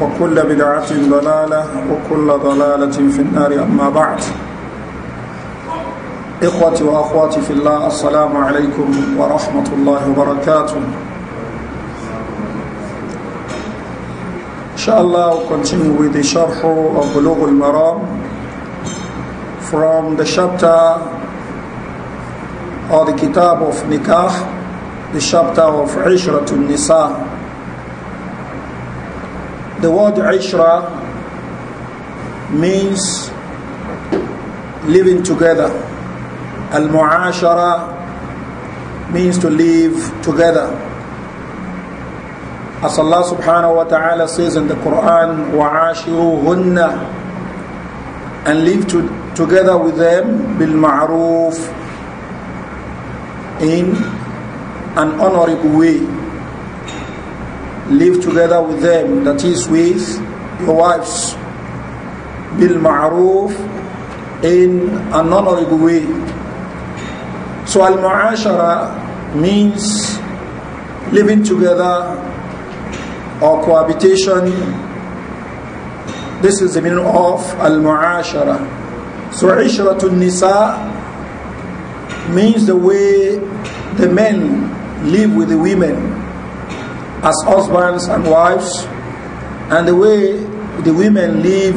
وكل بدعة ضلالة وكل ضلالة في النار أما بعد إخوتي وأخواتي في الله السلام عليكم ورحمة الله وبركاته إن شاء الله we'll continue with the sharh of Bulugh al from the chapter or the kitab of Nikah the chapter of عشرة النساء The word Ishra means living together. Al Mu'ashara means to live together. As Allah subhanahu wa ta'ala says in the Quran, وَعَاشِرُهُنَّ And live to, together with them بِالْمَعْرُوفِ in an honorable way live together with them, that is with your wives, bil ma'roof, in an honorable way. So al mu'ashara means living together or cohabitation. This is the meaning of al mu'ashara. So ishratun nisa means the way the men live with the women as husbands and wives and the way the women live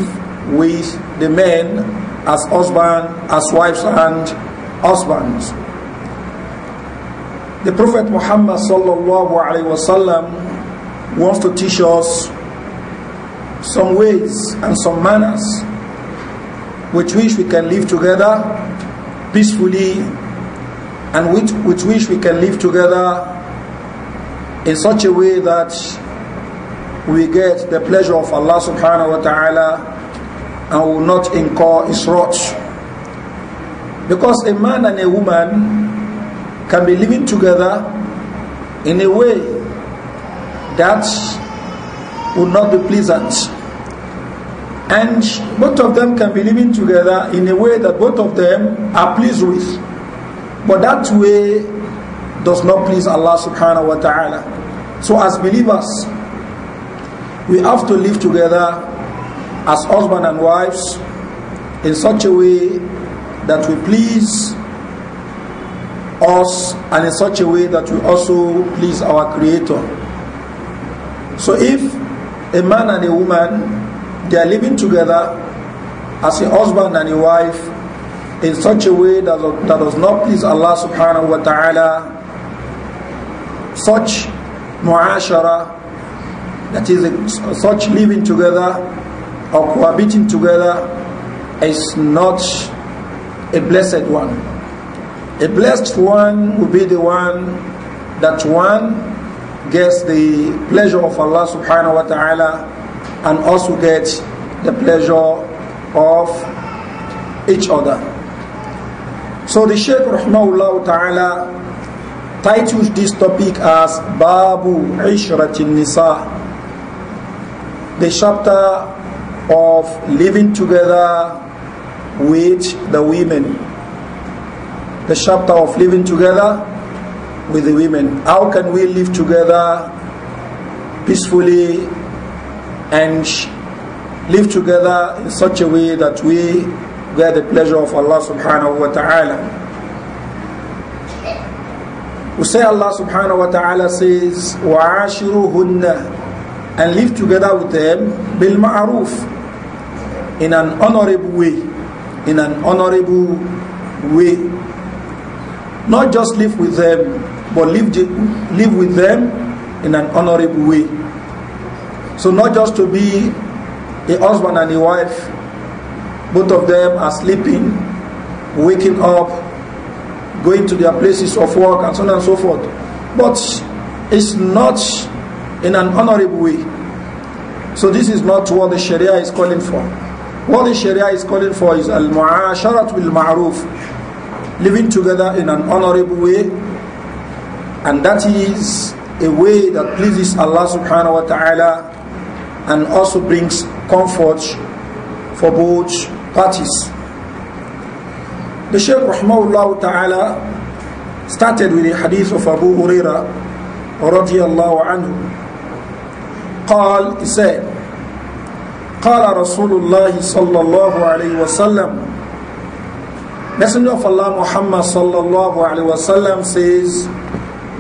with the men as husbands, as wives and husbands the prophet muhammad sallallahu alaihi wasallam wants to teach us some ways and some manners with which we can live together peacefully and with, with which we can live together in such a way that we get the pleasure of Allah subhanahu wa ta'ala and will not incur his Because a man and a woman can be living together in a way that would not be pleasant. And both of them can be living together in a way that both of them are pleased with. But that way does not please Allah subhanahu wa ta'ala. So as believers, we have to live together as husband and wives in such a way that we please us and in such a way that we also please our creator. So if a man and a woman they are living together as a husband and a wife in such a way that, that does not please Allah subhanahu wa ta'ala such mu'ashara, that is, a, such living together or cohabiting together is not a blessed one. A blessed one will be the one that one gets the pleasure of Allah subhanahu wa ta'ala and also gets the pleasure of each other. So the Shaykh rahmahullah ta'ala titled this topic as Babu Ishratin Nisa, the chapter of living together with the women. The chapter of living together with the women. How can we live together peacefully and live together in such a way that we get the pleasure of Allah subhanahu wa ta'ala? We say Allah subhanahu wa ta'ala says, وَعَاشِرُهُنَّ And live together with them بِالْمَعْرُوفِ In an honorable way. In an honorable way. Not just live with them, but live, live with them in an honorable way. So not just to be a husband and a wife, both of them are sleeping, waking up, going to their places of work and so on and so forth. But it's not in an honorable way. So this is not what the Sharia is calling for. What the Sharia is calling for is al-mu'asharat bil ma'ruf, living together in an honorable way, and that is a way that pleases Allah subhanahu wa ta'ala and also brings comfort for both parties. The Shaykh Rahmahullah Ta'ala started with the hadith of Abu Huraira radiallahu anhu. قال said قال رسول الله صلى الله عليه وسلم Messenger of Allah Muhammad صلى الله عليه وسلم says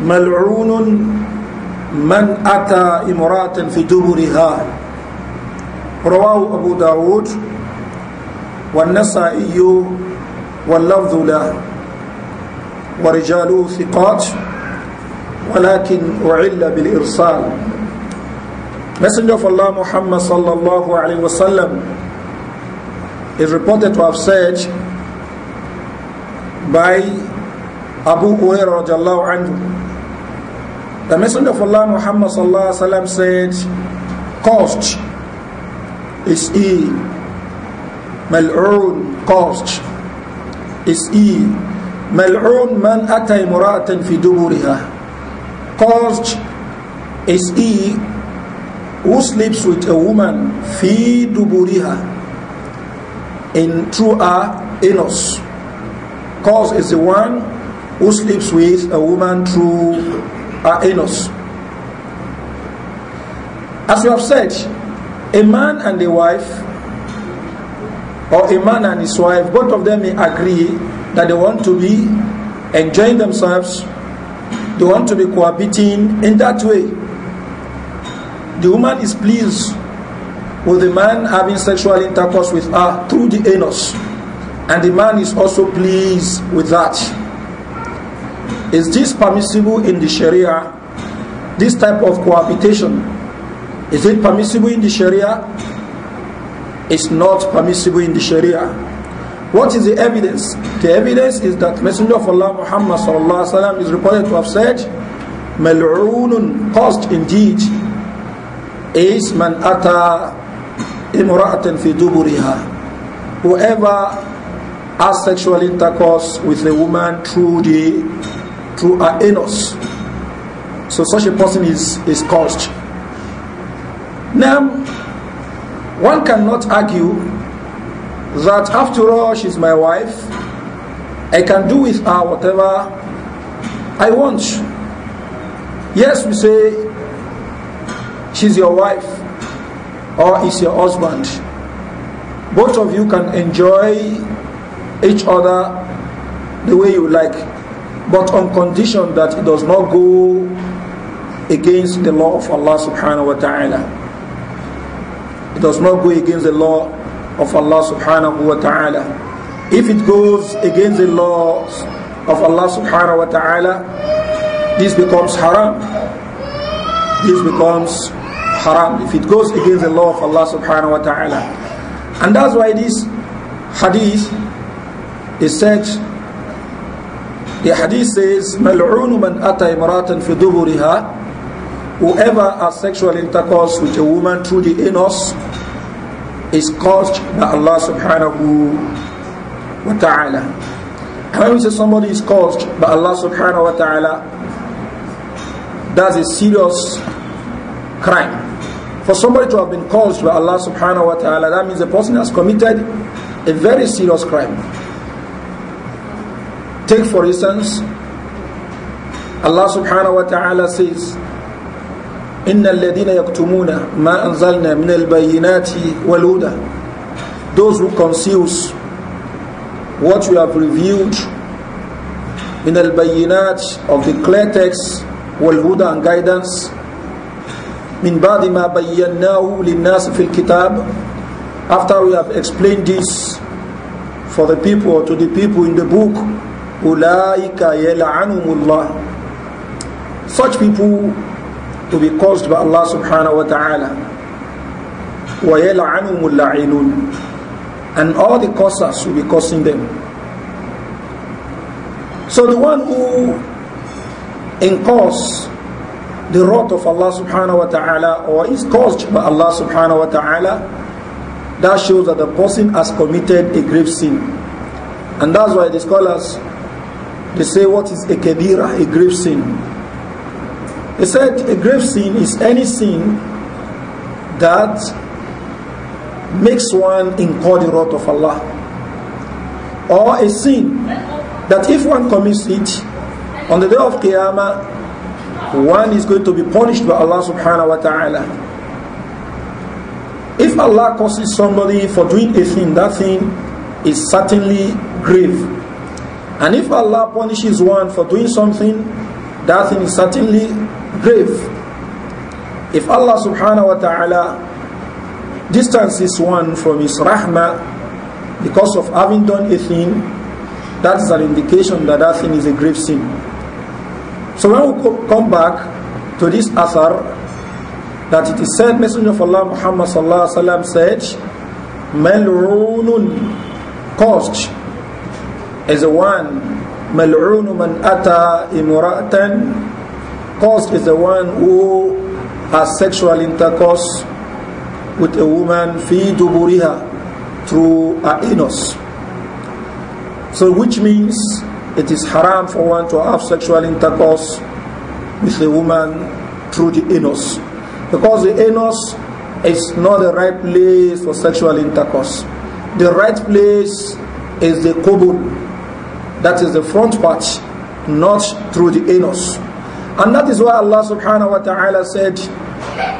ملعون من أتى إمرأة في دبرها رواه أبو داود والنسائي واللفظ لا ورجاله ثقات ولكن أعل بالإرسال Messenger of Allah Muhammad sallallahu alayhi wa sallam is reported to have said by Abu Hurairah radiallahu anhu the Messenger of Allah Muhammad sallallahu alayhi wa sallam said cost is e mal'oon cost is evil. Mal'un man ata imra'atan fi duburiha. Cursed is who sleeps with a woman fi duburiha in through her anus. Cursed is the one who sleeps with a woman through her anus. As we have said, a man and a wife or a man and his wife, both of them may agree that they want to be enjoying themselves, they want to be cohabiting in that way. The woman is pleased with the man having sexual intercourse with her through the anus, and the man is also pleased with that. Is this permissible in the Sharia? This type of cohabitation is it permissible in the Sharia? is not permissible in the Sharia. What is the evidence? The evidence is that Messenger of Allah Muhammad sallallahu alaihi wasallam is reported to have said, "Mal'unun caused indeed is man ata imra'atan fi duburiha." Whoever has sexual intercourse with a woman through the through her anus, so such a person is is cursed. Now one cannot argue that after all she's my wife I can do with her whatever I want yes we say she's your wife or is your husband both of you can enjoy each other the way you like but on condition that it does not go against the law of Allah subhanahu wa ta'ala It does not go against the law of Allah subhanahu wa ta'ala. If it goes against the laws of Allah subhanahu wa ta'ala, this becomes haram. This becomes haram if it goes against the law of Allah subhanahu wa ta'ala. And that's why this hadith is said the hadith says, مَلْعُونُ مَنْ أَتَى إِمْرَاتًا Whoever has sexual intercourse with a woman through the anus is cursed by Allah subhanahu wa ta'ala. And when we say somebody is cursed by Allah subhanahu wa ta'ala, that's a serious crime. For somebody to have been cursed by Allah subhanahu wa ta'ala, that means the person has committed a very serious crime. Take for instance, Allah subhanahu wa ta'ala says, إن الذين يكتمون ما أنزلنا من البينات والهدى those who conceals what we have revealed in البينات of the clear text والهدى and guidance من بعد ما بيناه للناس في الكتاب after we have explained this for the people or to the people in the book أولئك يلعنهم الله such people to be caused by Allah subhanahu wa ta'ala. وَيَلَعَنُمُ اللَّعِنُونَ And all the causes will be causing them. So the one who incurs the wrath of Allah subhanahu wa ta'ala or is caused by Allah subhanahu wa ta'ala, that shows that the person has committed a grave sin. And that's why the scholars, they say what is a kadira, a grave sin. He said a grave sin is any sin that makes one incur the wrath of Allah. Or a sin that if one commits it, on the day of Qiyamah, one is going to be punished by Allah subhanahu wa ta'ala. If Allah causes somebody for doing a thing, that thing is certainly grave. And if Allah punishes one for doing something, that thing is certainly grave. If Allah subhanahu wa ta'ala distances one from his rahmah because of having done a thing, that's an indication that that thing is a grave sin. So when we come back to this athar, that it is said, Messenger of Allah Muhammad sallallahu alaihi wasallam said, "Mal'unun cursed is the one mal'unu man ata imra'atan Cause is the one who has sexual intercourse with a woman fi duburiha through her anus. So which means it is haram for one to have sexual intercourse with a woman through the anus. Because the anus is not the right place for sexual intercourse. The right place is the kubul, that is the front part, not through the anus. And that is why Allah subhanahu wa ta'ala said,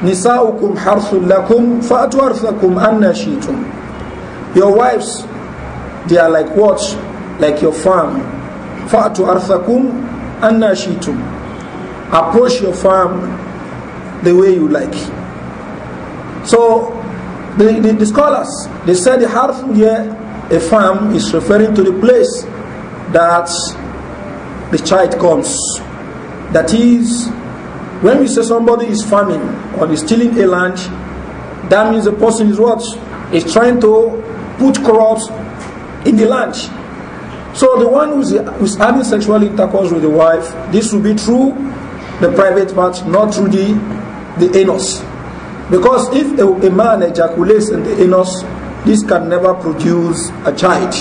Nisa'ukum harthul lakum fa'atwarthakum anna shi'tum. Your wives, they are like what? Like your farm. Fa'atwarthakum anna shi'tum. Approach your farm the way you like. So, the, the, the scholars, they said the harth here, a farm, is referring to the place that the child comes that is, when we say somebody is farming or is stealing a land, that means the person is what? Is trying to put crops in the land. So the one who's, who's having sexual intercourse with the wife, this will be through the private part, not through the, the anus. Because if a, a man ejaculates in the anus, this can never produce a child.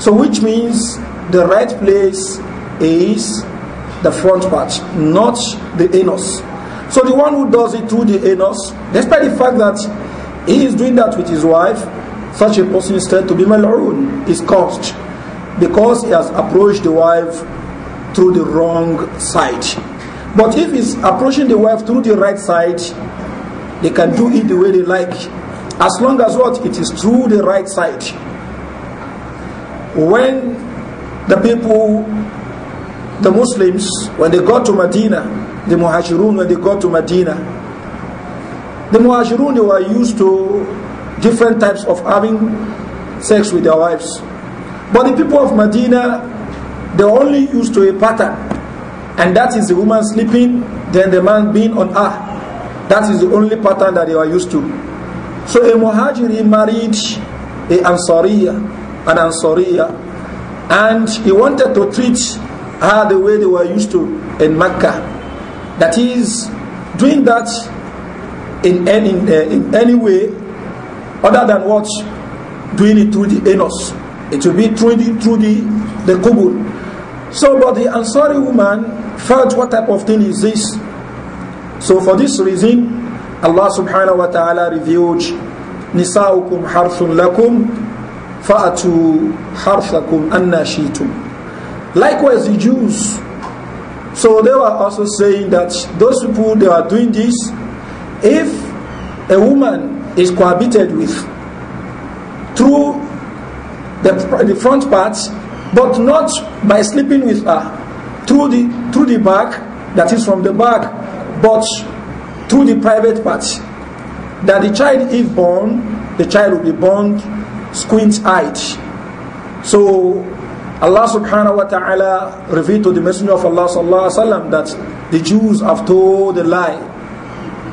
So which means the right place is the front part, not the anus. So the one who does it through the anus, despite the fact that he is doing that with his wife, such a person is said to be mal'oon, is cursed, because he has approached the wife through the wrong side. But if he's approaching the wife through the right side, they can do it the way they like, as long as what it is through the right side. When the people the Muslims, when they got to Medina, the Muhajirun, when they got to Medina, the Muhajirun, they were used to different types of having sex with their wives. But the people of Medina, they only used to a pattern. And that is the woman sleeping, then the man being on her. That is the only pattern that they were used to. So a Muhajiri married a Ansariya, an Ansariya, and he wanted to treat Ah, the way they were used to in Mecca. That is, doing that in any, in, uh, eh, in any way other than what? Doing it through the anus. It will be through the, through the, the kubul. So, but the Ansari woman felt what type of thing is this? So, for this reason, Allah subhanahu wa ta'ala revealed نساؤكم حرث لكم فأتوا حرثكم أن شئتم Likewise, the Jews. So they were also saying that those people they are doing this, if a woman is cohabited with through the, the front part, but not by sleeping with her through the through the back, that is from the back, but through the private part, that the child if born, the child will be born squint-eyed. So Allah subhanahu wa ta'ala revealed to the Messenger of Allah sallallahu alaihi wasallam that the Jews have told a lie.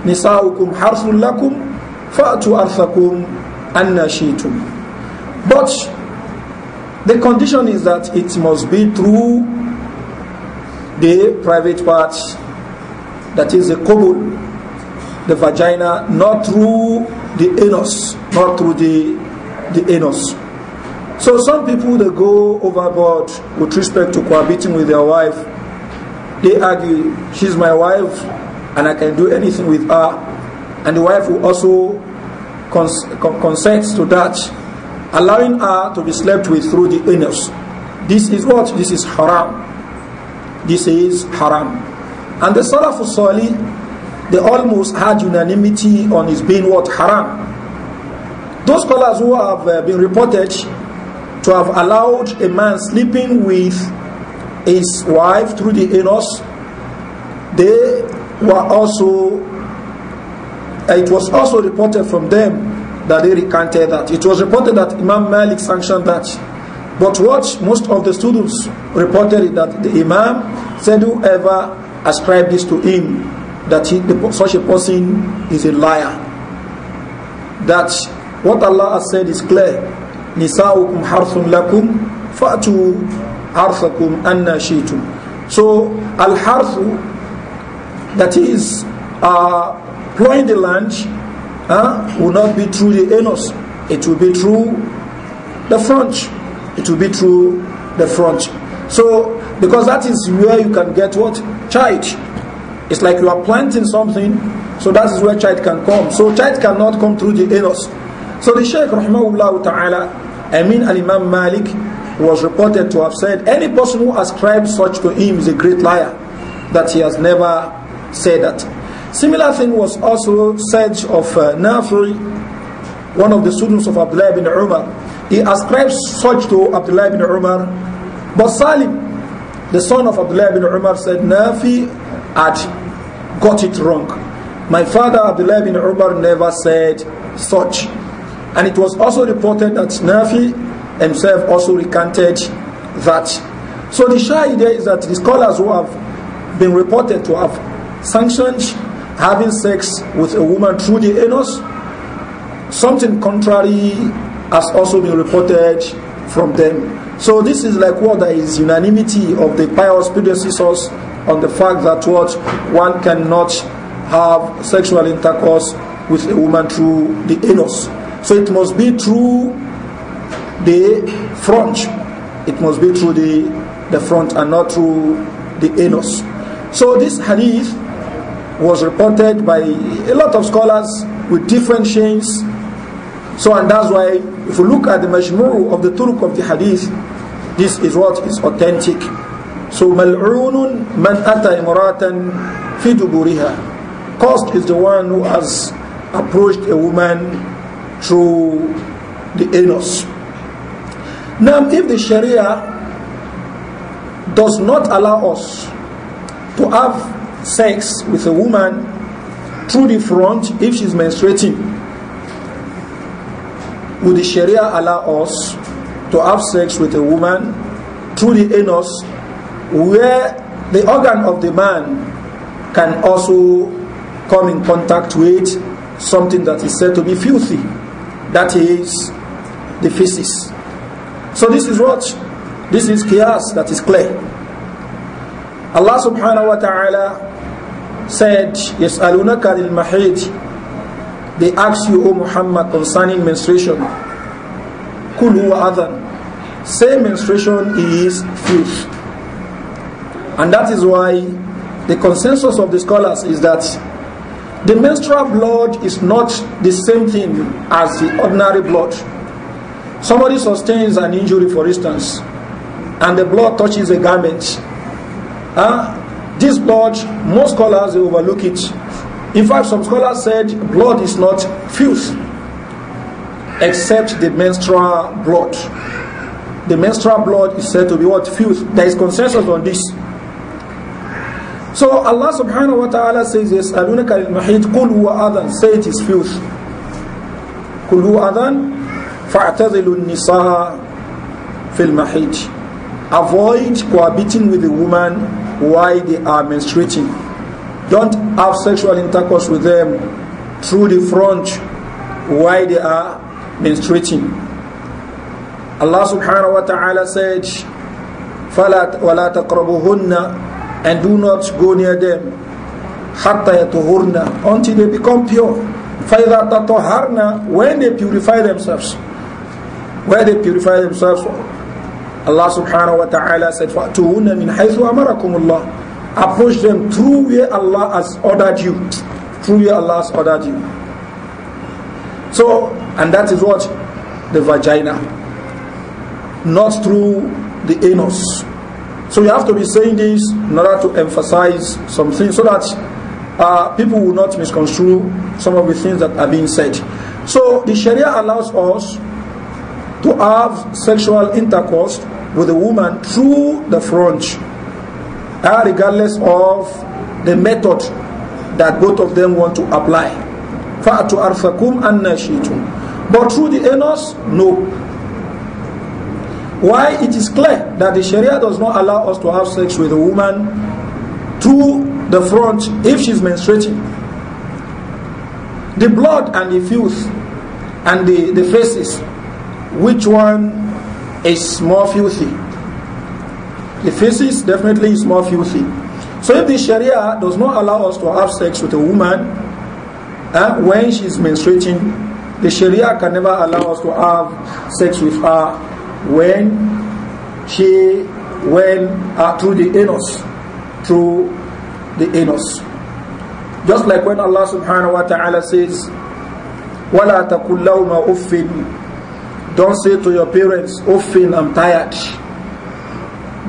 Nisa'ukum harfun lakum fa'atu arthakum anna But the condition is that it must be through the private part, that is the kubul, the vagina, not through the anus, not through the, the anus. So some people that go overboard with respect to cohabiting with their wife, they argue, she's my wife and I can do anything with her. And the wife will also cons consent to that, allowing her to be slept with through the anus. This is what? This is haram. This is haram. And the Salafus Salih, they almost had unanimity on its being what? Haram. Those scholars who have uh, been reported to have allowed a man sleeping with his wife through the anus, they were also, uh, it was also reported from them that they recanted that. It was reported that Imam Malik sanctioned that. But what most of the students reported is that the Imam said, whoever ascribed this to him, that he, the, such a person is a liar. That what Allah has said is clear nisa'ukum harthun lakum fa'tu harthakum anna shi'tum so al harthu that is uh, plowing the land uh, will not be through the anus it will be through the front it will be through the front so because that is where you can get what child it's like you are planting something so that is where child can come so child cannot come through the anus so the shaykh rahimahullah ta'ala Amin al-Imam Malik was reported to have said, any person who ascribes such to him is a great liar, that he has never said that. Similar thing was also said of uh, Nafri, one of the students of Abdullah ibn Umar. He ascribes such to Abdullah ibn Umar, but Salim, the son of Abdullah ibn Umar said, Nafi had got it wrong. My father Abdullah ibn Umar never said such. And it was also reported that Nafi himself also recanted that. So the shy idea is that the scholars who have been reported to have sanctioned having sex with a woman through the anus, something contrary has also been reported from them. So this is like what there is unanimity of the pious predecessors on the fact that what one cannot have sexual intercourse with a woman through the anus. So it must be through the front. It must be through the, the front and not through the anus. So this hadith was reported by a lot of scholars with different chains. So and that's why if you look at the majmu' of the turuk of the hadith, this is what is authentic. So mal'unun man ata imratan fi duburiha. Cost is the one who has approached a woman through the anus. Now, if the Sharia does not allow us to have sex with a woman through the front if she's menstruating, would the Sharia allow us to have sex with a woman through the anus where the organ of the man can also come in contact with something that is said to be filthy? that is the feces. So this is what? This is qiyas, that is clay. Allah subhanahu wa ta'ala said, يَسْأَلُونَكَ mahid." They ask you, O Muhammad, concerning menstruation. كُلْ هُوَ أَذَنْ Say menstruation is filth. And that is why the consensus of the scholars is that The menstrual blood is not the same thing as the ordinary blood. Somebody sustains an injury, for instance, and the blood touches a garment. Huh? This blood, most scholars they overlook it. In fact, some scholars said blood is not fused except the menstrual blood. The menstrual blood is said to be what? Fused. There is consensus on this. So Allah subhanahu wa ta'ala says yes, Alunaka al-Mahid, say it is filth. Kul huwa أذن." fa'atazilu nisaha فِي الْمَحِيطِ. Avoid cohabiting with a woman while they are menstruating. Don't have sexual intercourse with them through the front while they are menstruating. Allah subhanahu wa ta'ala said, فَلَا وَلَا تَقْرَبُهُنَّ and do not go near them حَتَّى يَتُهُرْنَا until they become pure فَإِذَا تَطَهَرْنَا when they purify themselves where they purify themselves Allah subhanahu wa ta'ala said فَأْتُهُنَّ min حَيْثُ amarakum Allah." approach them through where Allah has ordered you through where Allah has ordered you so and that is what the vagina not through the anus So you have to be saying this in order to emphasize some things, so that uh, people will not misconstrue some of the things that are being said. So the Sharia allows us to have sexual intercourse with a woman through the front, uh, regardless of the method that both of them want to apply. فَأَتُوا أَرْثَكُمْ أَنَّا شِئْتُمْ But through the anus, no. Why it is clear that the Sharia does not allow us to have sex with a woman through the front if she's menstruating. The blood and the filth and the, the faces, which one is more filthy? The faces definitely is more filthy. So if the Sharia does not allow us to have sex with a woman uh, when she's menstruating, the Sharia can never allow us to have sex with her when she went uh, through the anus through the anus just like when Allah subhanahu wa ta'ala says wala taqul lahum uffin don't say to your parents uffin i'm tired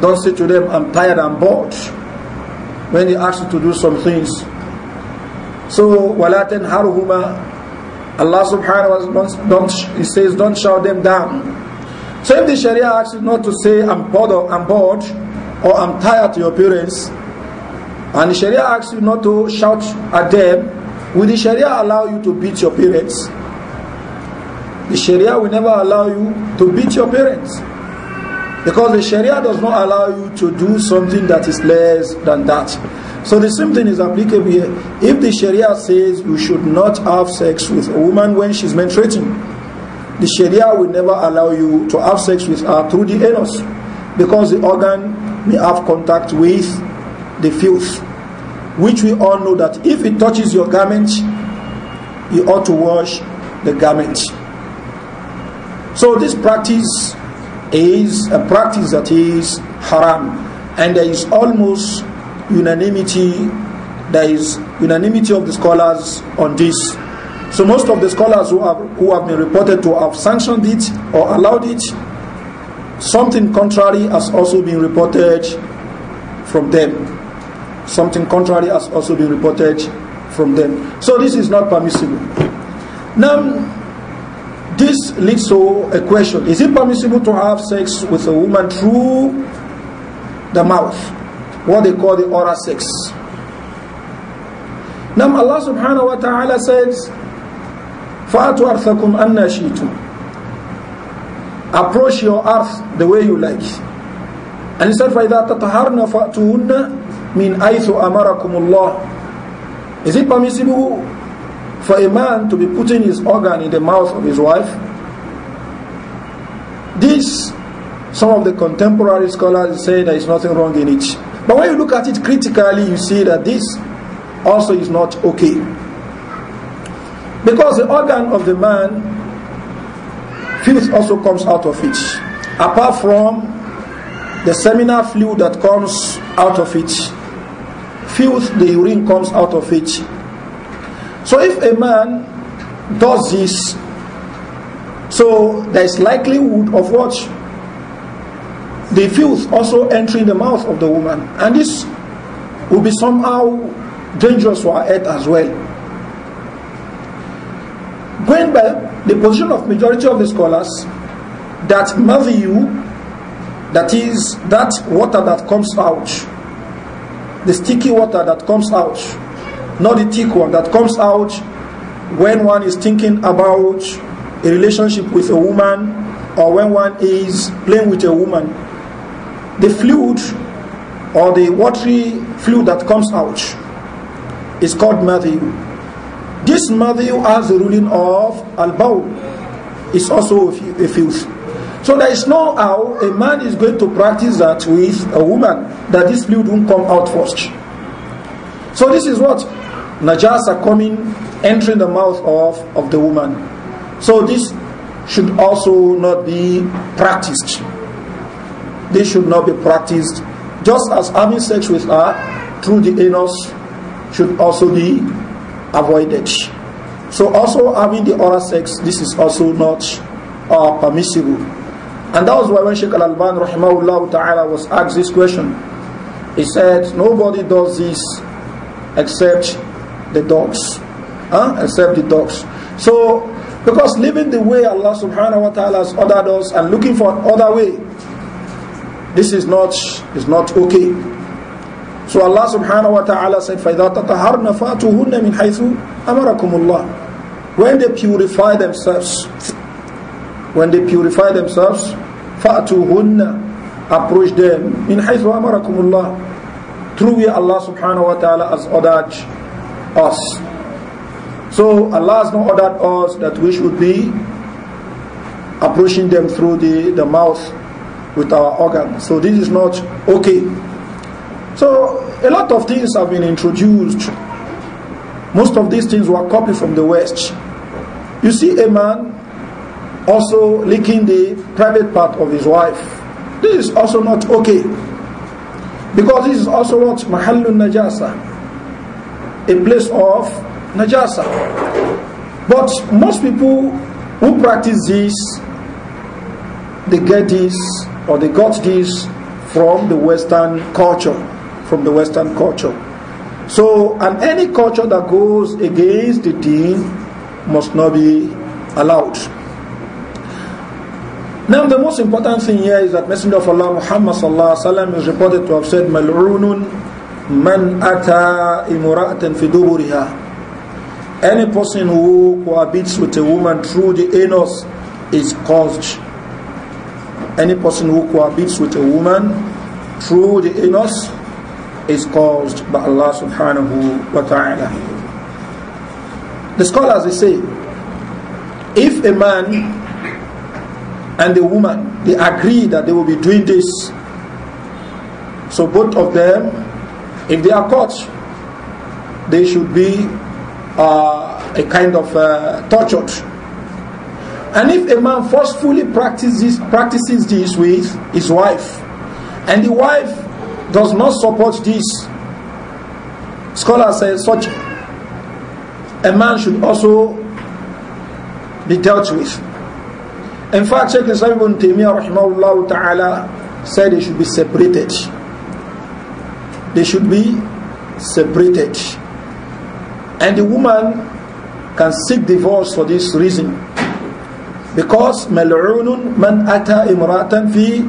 don't say to them i'm tired i'm bored when they ask you to do some things so wala tanharuhuma Allah subhanahu wa ta'ala don't he says don't shout them down So if the Sharia asks you not to say, I'm bored, or, I'm bored, or I'm tired to your parents, and the Sharia asks you not to shout at them, will the Sharia allow you to beat your parents? The Sharia will never allow you to beat your parents. Because the Sharia does not allow you to do something that is less than that. So the same thing is applicable here. If the Sharia says you should not have sex with a woman when she's menstruating, the Sharia will never allow you to have sex with her through the anus because the organ may have contact with the filth, which we all know that if it touches your garment, you ought to wash the garment. So, this practice is a practice that is haram, and there is almost unanimity. There is unanimity of the scholars on this So most of the scholars who have, who have been reported to have sanctioned it or allowed it, something contrary has also been reported from them. Something contrary has also been reported from them. So this is not permissible. Now, this leads to a question. Is it permissible to have sex with a woman through the mouth? What they call the oral sex. Now Allah subhanahu wa ta'ala says, فَأَتُوا أَرْثَكُمْ anna شِئْتُمْ Approach your earth the way you like. And he said, فَإِذَا تَطَهَرْنَا فَأْتُوهُنَّ مِنْ أَيْثُ أَمَرَكُمُ اللَّهُ Is it permissible for a man to be putting his organ in the mouth of his wife? This, some of the contemporary scholars say there is nothing wrong in it. But when you look at it critically, you see that this also is not okay. Because the organ of the man, filth also comes out of it. Apart from the seminal fluid that comes out of it, filth, the urine comes out of it. So if a man does this, so there is likelihood of what? The filth also entering the mouth of the woman. And this will be somehow dangerous for her health as well going by the position of majority of the scholars that madhiyu that is that water that comes out the sticky water that comes out not the thick one that comes out when one is thinking about a relationship with a woman or when one is playing with a woman the fluid or the watery fluid that comes out is called madhiyu This madi has the ruling of al-bawl. It's also a filth. So there is no how a man is going to practice that with a woman that this fluid won't come out first. So this is what najasa coming, entering the mouth of, of the woman. So this should also not be practiced. This should not be practiced. Just as having sex with her through the anus should also be avoided. So also having the oral sex, this is also not uh, permissible. And that was why when Sheikh Al-Alban rahimahullah ta'ala was asked this question, he said, nobody does this except the dogs. Huh? Except the dogs. So, because living the way Allah subhanahu wa ta'ala has ordered us and looking for another way, this is not, is not okay. So Allah subhanahu wa ta'ala said, فَإِذَا تَطَهَرْنَ فَأْتُوهُنَّ مِنْ حَيْثُ أَمَرَكُمُ اللَّهُ When they purify themselves, when they purify themselves, فَأْتُوهُنَّ Approach them, مِنْ حَيْثُ أَمَرَكُمُ اللَّهُ Through where Allah subhanahu wa ta'ala has ordered us. So Allah has not ordered us that we should be approaching them through the, the mouth with our organ. So this is not okay. So a lot of things have been introduced. Most of these things were copied from the West. You see a man also licking the private part of his wife. This is also not okay. Because this is also what mahallun najasa, a place of najasa. But most people who practice this, they get this or they got this from the Western culture from the Western culture. So, and any culture that goes against the deen must not be allowed. Now, the most important thing here is that Messenger of Allah Muhammad sallallahu alaihi wasallam is reported to have said, "Mal'unun man ata imura'atan fi duburiha." Any person who cohabits with a woman through the anus is cursed. Any person who cohabits with a woman through the anus is caused by Allah subhanahu wa ta'ala. The scholars they say if a man and a woman they agree that they will be doing this, so both of them, if they are caught, they should be uh, a kind of uh, tortured. And if a man forcefully practices practices this with his wife, and the wife does not support this. Scholars say such a man should also be dealt with. In fact, Sheikh Islam ibn Taymiyyah ta'ala said they should be separated. They should be separated. And the woman can seek divorce for this reason. Because ملعون man ata imratan في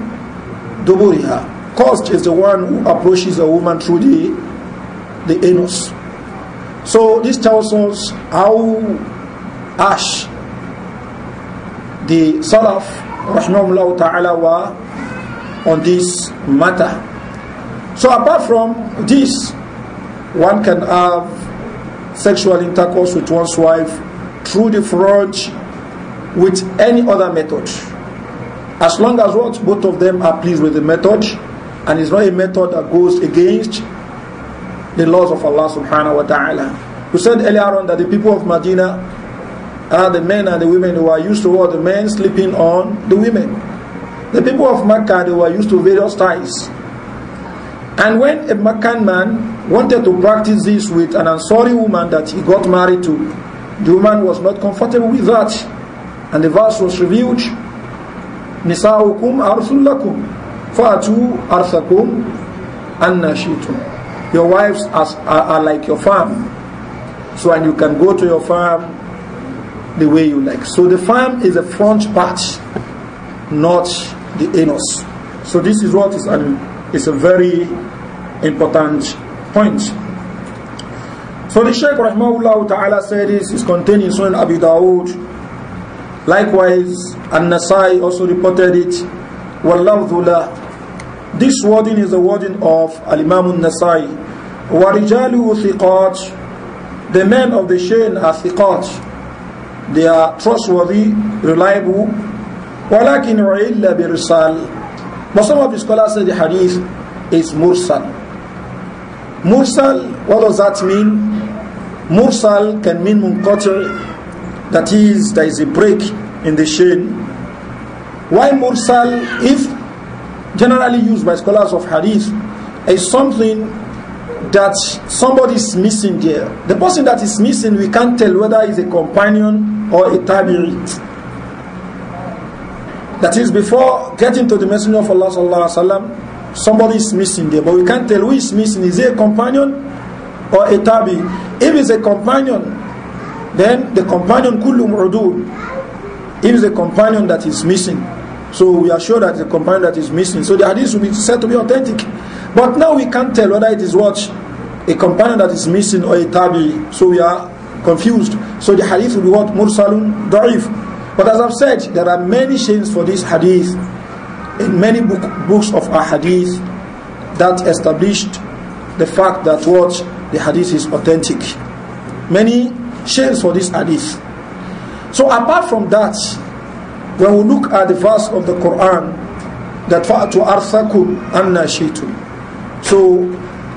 duburiha. Cursed is the one who approaches a woman through the, the anus. So this tells us how ash the Salaf rahmahullah ta'ala were on this matter. So apart from this, one can have sexual intercourse with one's wife through the front, with any other method. As long as what both of them are pleased with the method, and it's not a method that goes against the laws of Allah subhanahu wa ta'ala. We said earlier on that the people of Medina are the men and the women who are used to all the men sleeping on the women. The people of Makkah they were used to various ties. And when a Makkah man wanted to practice this with an Ansari woman that he got married to, the woman was not comfortable with that. And the verse was revealed, Nisa'ukum arthulakum. fatu arsakum anna shitum. Your wives are, are, like your farm. So, and you can go to your farm the way you like. So, the farm is the front part, not the anus. So, this is what is an, is a very important point. So, the Sheikh Rahmahullah Ta'ala said this is contained in Sunan Abi Dawood. Likewise, An Nasai also reported it. وَاللَّفْذُ لَهُ This wording is the wording of Al-Imam وَرِجَالُهُ ثِقَاتِ The men of the chain are thiqat. They are trustworthy, reliable. وَلَكِنْ عِلَّ بِرِسَالِ But some of the scholars say the hadith is mursal. Mursal, what does that mean? Mursal can mean munqati, that is, there is a break in the chain. Why mursal? If generally used by scholars of hadith is something that somebody is missing there. The person that is missing, we can't tell whether he's a companion or a tabi'i. That is, before getting to the Messenger of Allah sallallahu alaihi wasallam, somebody is missing there, but we can't tell who is missing. Is he a companion or a tabi? If he's a companion, then the companion kulum udul. If he's a companion that is missing, So we are sure that the companion that is missing. So the hadith will be said to be authentic. But now we can't tell whether it is what? A companion that is missing or a tabi. So we are confused. So the hadith will be what? Mursalun da'if. But as I've said, there are many chains for this hadith in many book, books of our hadith that established the fact that what the hadith is authentic. Many shares for this hadith. So apart from that, When we look at the verse of the Quran, that fa'atu arthakum anna shaytum. So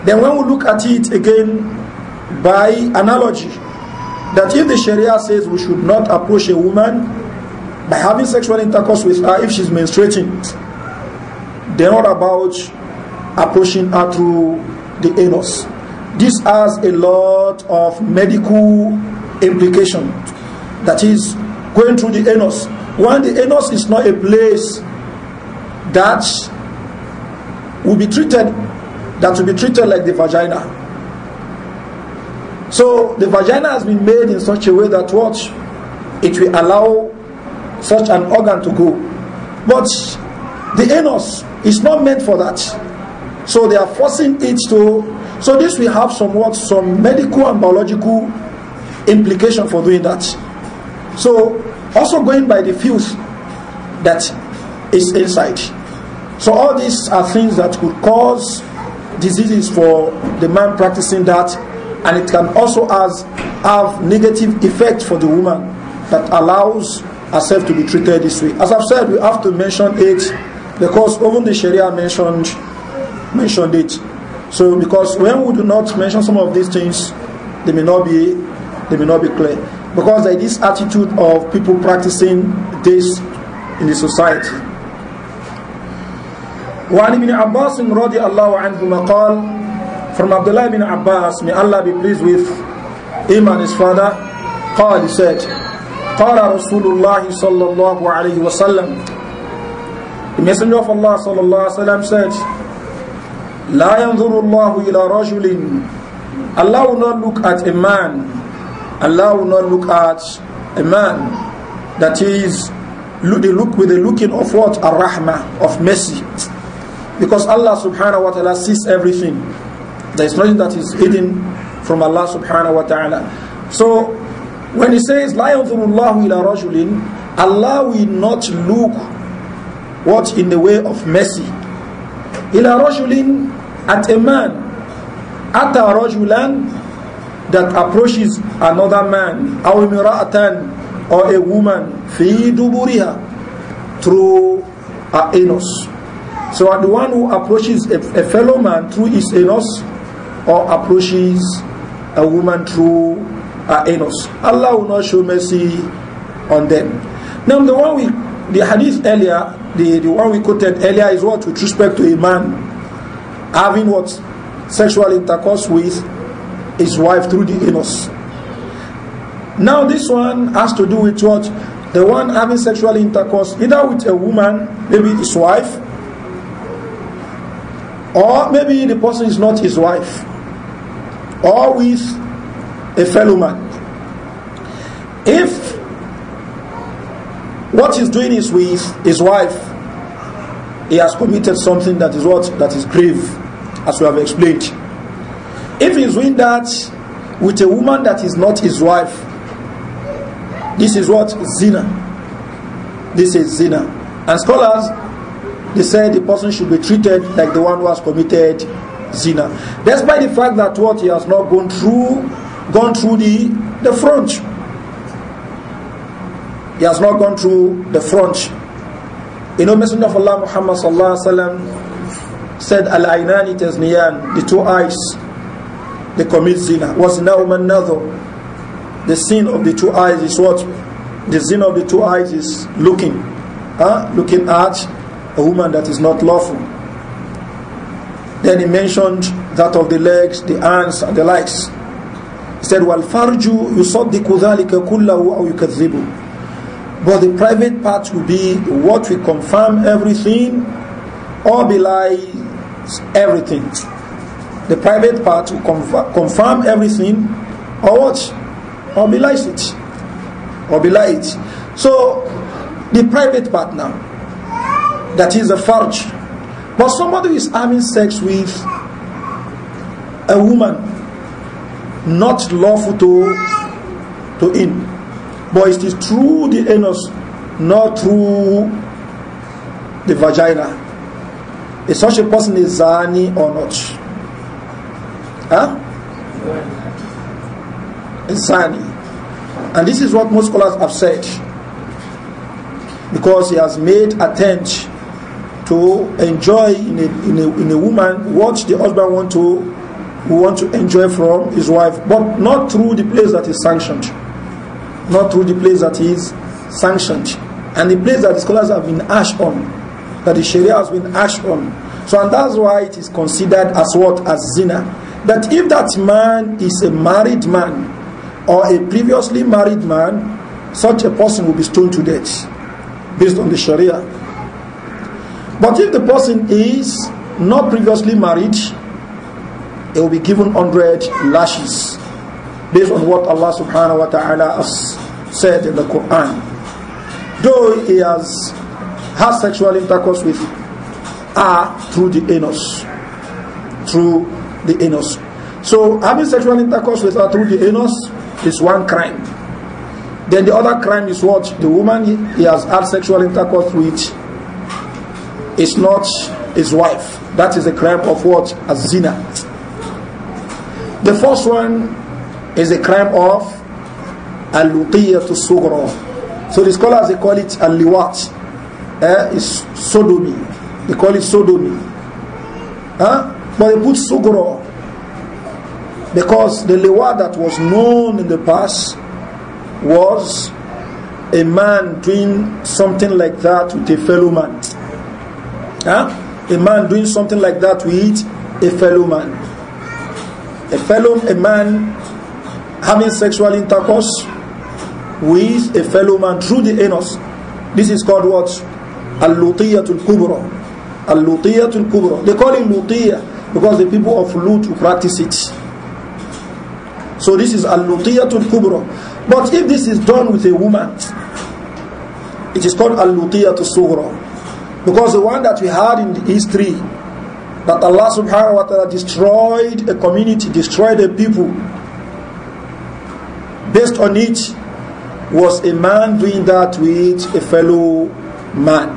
then when we look at it again by analogy, that if the Sharia says we should not approach a woman by having sexual intercourse with her if she's menstruating, they're not about approaching her through the anus. This has a lot of medical implication. That is, going through the anus When the anus is not a place that will be treated, that will be treated like the vagina. So the vagina has been made in such a way that what it will allow such an organ to go. But the anus is not meant for that. So they are forcing it to so this will have somewhat some medical and biological implication for doing that. So also going by the fuse that is inside. So all these are things that could cause diseases for the man practicing that and it can also has, have negative effect for the woman that allows herself to be treated this way. As I've said, we have to mention it because even the Sharia mentioned mentioned it. So because when we do not mention some of these things, they may not be they may not be clear because there is this attitude of people practicing this in the society. وعن ابن عباس رضي الله عنهما قال from Abdullah ibn Abbas may Allah be pleased with him and his father قال he said قال رسول الله صلى الله عليه وسلم the messenger of Allah صلى الله عليه وسلم said لا ينظر الله إلى رجل Allah will not look at a man Allah will not look at a man that is look, they look with the looking of what? a rahmah of mercy. Because Allah subhanahu wa ta'ala sees everything. There is nothing that is hidden from Allah subhanahu wa ta'ala. So, when he says, La yanzurullahu ila rajulin, Allah will not look what in the way of mercy. Ila rajulin, at a man, at a rajulan, that approaches another man أو امرأة or a woman في دبرها through her anus so the one who approaches a, a fellow man through his anus or approaches a woman through her anus Allah will not show mercy on them now the one we the hadith earlier, the, the one we quoted earlier is what with respect to a man having what sexual intercourse with his wife through the anus. Now this one has to do with what? The one having sexual intercourse either with a woman, maybe his wife, or maybe the person is not his wife, or with a fellow man. If what he's doing is with his wife, he has committed something that is what? That is grave, as we have explained. If he's doing that with a woman that is not his wife, this is what? Zina. This is zina. And scholars, they say the person should be treated like the one who has committed zina. Despite the fact that what he has not gone through, gone through the, the front. He has not gone through the front. You know, Messenger of Allah Muhammad sallallahu alaihi wasallam said, al ainani tazniyan," the two eyes they commit zina. Was nado? The sin of the two eyes is what? The sin of the two eyes is looking. Huh? Looking at a woman that is not lawful. Then he mentioned that of the legs, the hands, and the likes. He said, kuzali يُصَدِّقُ ذَلِكَ كُلَّهُ أَوْ يُكَذِّبُ But the private part will be what we confirm everything or belies everything. the private part to confirm, confirm everything or what? Or belies it. Or belie it. So, the private part now, that is a forge, But somebody is having sex with a woman, not lawful to, to him, but it is through the anus, not through the vagina. Is such a person a zani or not? huh? Insani. And this is what most scholars have said. Because he has made attempt to enjoy in a, in a, in a woman what the husband want to want to enjoy from his wife, but not through the place that is sanctioned. Not through the place that is sanctioned. And the place that the scholars have been ash on, that the Sharia has been ash on. So and that's why it is considered as what? As zina. that if that man is a married man or a previously married man, such a person will be stoned to death based on the Sharia. But if the person is not previously married, it will be given 100 lashes based on what Allah subhanahu wa ta'ala has said in the Quran. Though he has had sexual intercourse with her through the anus, through the anus. So having sexual intercourse with her through the anus is one crime. Then the other crime is what? The woman he has had sexual intercourse with is not his wife. That is a crime of what? a zina. The first one is a crime of al-luqiyatu sughra. So the scholars they call it aliwat. liwat Eh, it's sodomy. They call it sodomy. Huh? But they put Sugro because the lewa that was known in the past was a man doing something like that with a fellow man. Huh? A man doing something like that with a fellow man. A fellow a man having sexual intercourse with a fellow man through the anus. This is called what? Al-Lutiyatul Kubra. Al-Lutiyatul Kubra. They call it Lutiyah because the people of Lut who practice it. So this is al-lutiyatul kubra. But if this is done with a woman, it is called al-lutiyatul sughra. Because the one that we had in history, that Allah subhanahu wa ta'ala destroyed a community, destroyed a people, based on it was a man doing that with a fellow man.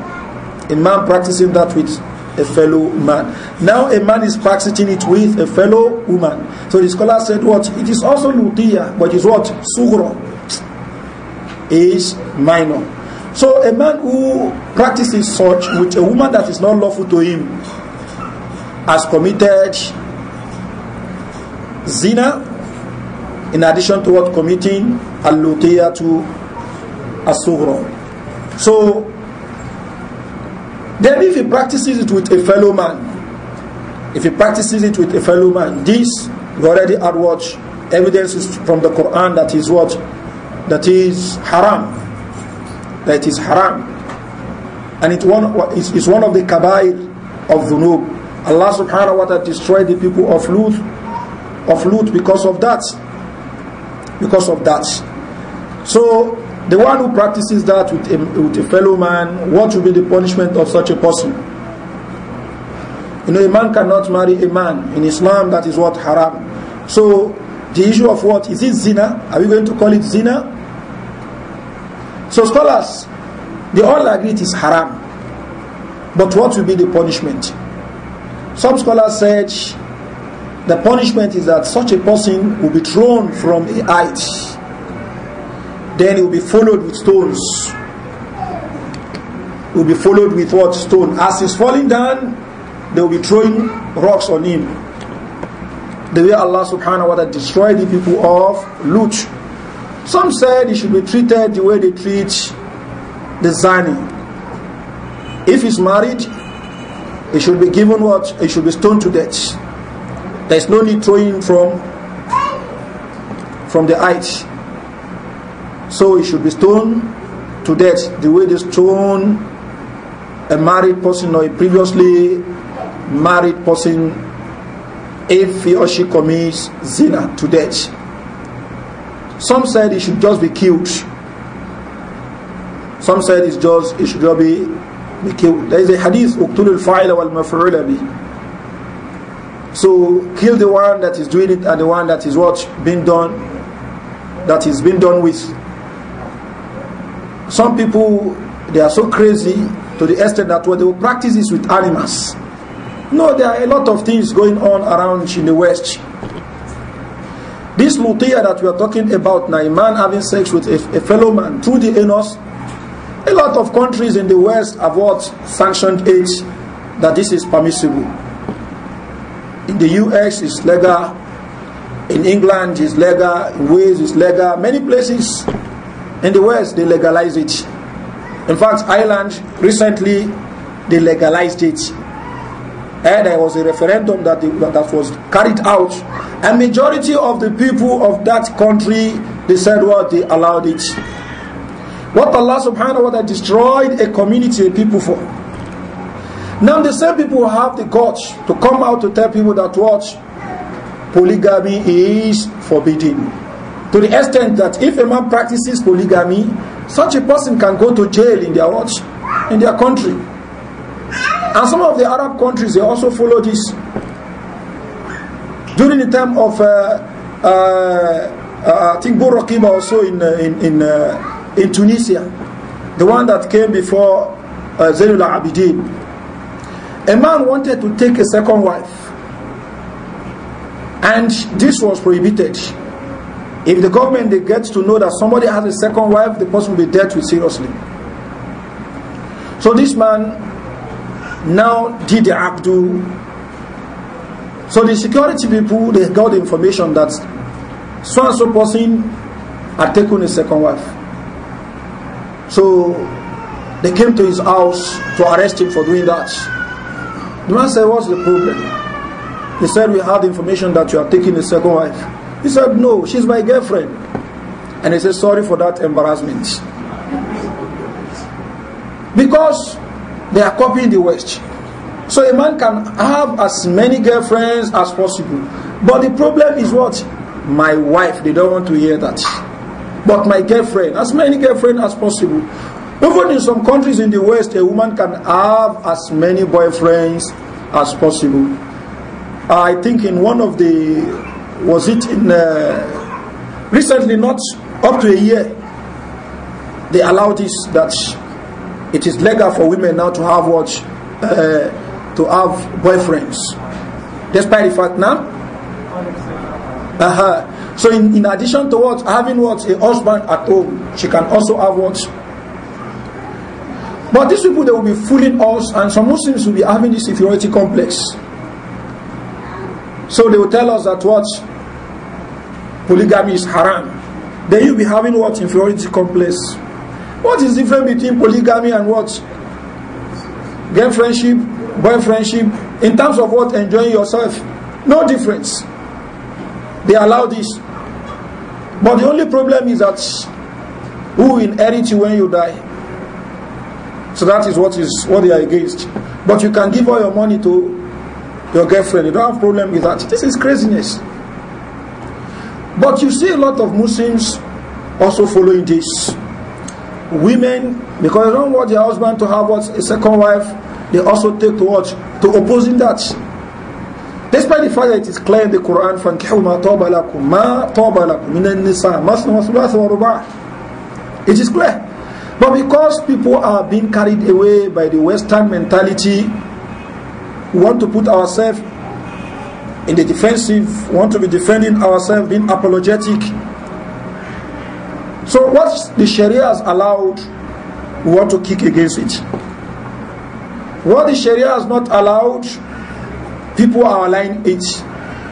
A man practicing that with a fellow man. Now a man is practicing it with a fellow woman. So the scholar said what? It is also lutia, but it's what? Sugra is minor. So a man who practices such with a woman that is not lawful to him has committed zina in addition to what committing al to a sughra So Then if he practices it with a fellow man, if he practices it with a fellow man, this we already had what evidence is from the Quran that is what that is haram. That is haram. And it one it's one of the kabair of dhunub. Allah subhanahu wa ta'ala destroyed the people of Lut of Lut because of that. Because of that. So The one who practices that with a, with a fellow man, what will be the punishment of such a person? You know, a man cannot marry a man. In Islam, that is what haram. So, the issue of what? Is it zina? Are we going to call it zina? So, scholars, they all agree it is haram. But what will be the punishment? Some scholars said the punishment is that such a person will be thrown from a height then it will be followed with stones. It will be followed with what? Stone. As he's falling down, they will be throwing rocks on him. The way Allah subhanahu wa ta'ala destroyed the people of Lut. Some said he should be treated the way they treat the Zani. If he's married, he should be given what? He should be stoned to death. There's no need throwing from from the height. So he should be stoned to death the way they stone a married person or a previously married person if he or she commits zina to death. Some said he should just be killed. Some said it's just he should just be, be killed. There is a hadith uqtul al-fa'ila wal bi." So kill the one that is doing it and the one that is what being done that is being done with. Some people, they are so crazy to the extent that what they will practice is with animals. No, there are a lot of things going on around in the West. This mutia that we are talking about, now a man having sex with a, a fellow man through the anus, a lot of countries in the West have what sanctioned it that this is permissible. In the US, it's legal. In England, it's legal. In Wales, it's legal. Many places, In the West, they legalize it. In fact, Ireland recently they legalized it. And there was a referendum that, they, that was carried out. And majority of the people of that country, they said what? They allowed it. What Allah subhanahu wa ta'ala destroyed a community, a people for. Now the same people have the guts to come out to tell people that what? Polygamy is forbidden to the extent that if a man practices polygamy, such a person can go to jail in their watch, in their country. And some of the Arab countries, they also follow this. During the time of, uh, uh, uh I think, Bouraqima also in, uh, in, in, uh, in, Tunisia, the one that came before uh, Zainul Abidin, a man wanted to take a second wife. And this was prohibited. If the government they get to know that somebody has a second wife, the person will be dealt with seriously. So this man now did the abdu. So the security people they got the information that so and so person had taken a second wife. So they came to his house to arrest him for doing that. The man said, What's the problem? He said, We had information that you are taking a second wife. He said, No, she's my girlfriend. And he said, Sorry for that embarrassment. Because they are copying the West. So a man can have as many girlfriends as possible. But the problem is what? My wife, they don't want to hear that. But my girlfriend, as many girlfriends as possible. Even in some countries in the West, a woman can have as many boyfriends as possible. I think in one of the was it in uh, recently not up to a year they allowed this that it is legal for women now to have what uh, to have boyfriends despite the fact now uh-huh. so in, in addition to what having what a husband at home she can also have what but these people they will be fooling us and some muslims will be having this inferiority complex so they will tell us that what polygamy is haram, then you be having what? Inferiority complex. What is different between polygamy and what? girl friendship, boy friendship, in terms of what? Enjoying yourself. No difference. They allow this. But the only problem is that who inherit you when you die? So that is what is what they are against. But you can give all your money to your girlfriend. You don't have problem with that. This is craziness. But you see a lot of Muslims also following this. Women, because they don't want their husband to have what, a second wife, they also take to watch, to opposing that. Despite the fact that it is clear in the Quran, فَانْكِحُوا مَا طَوْبَ لَكُمْ مَا طَوْبَ لَكُمْ مِنَ النِّسَاءِ مَثْنَ It is clear. But because people are being carried away by the Western mentality, we want to put ourselves in the defensive, want to be defending ourselves, being apologetic. So, what the Sharia has allowed, we want to kick against it. What the Sharia has not allowed, people are allowing it.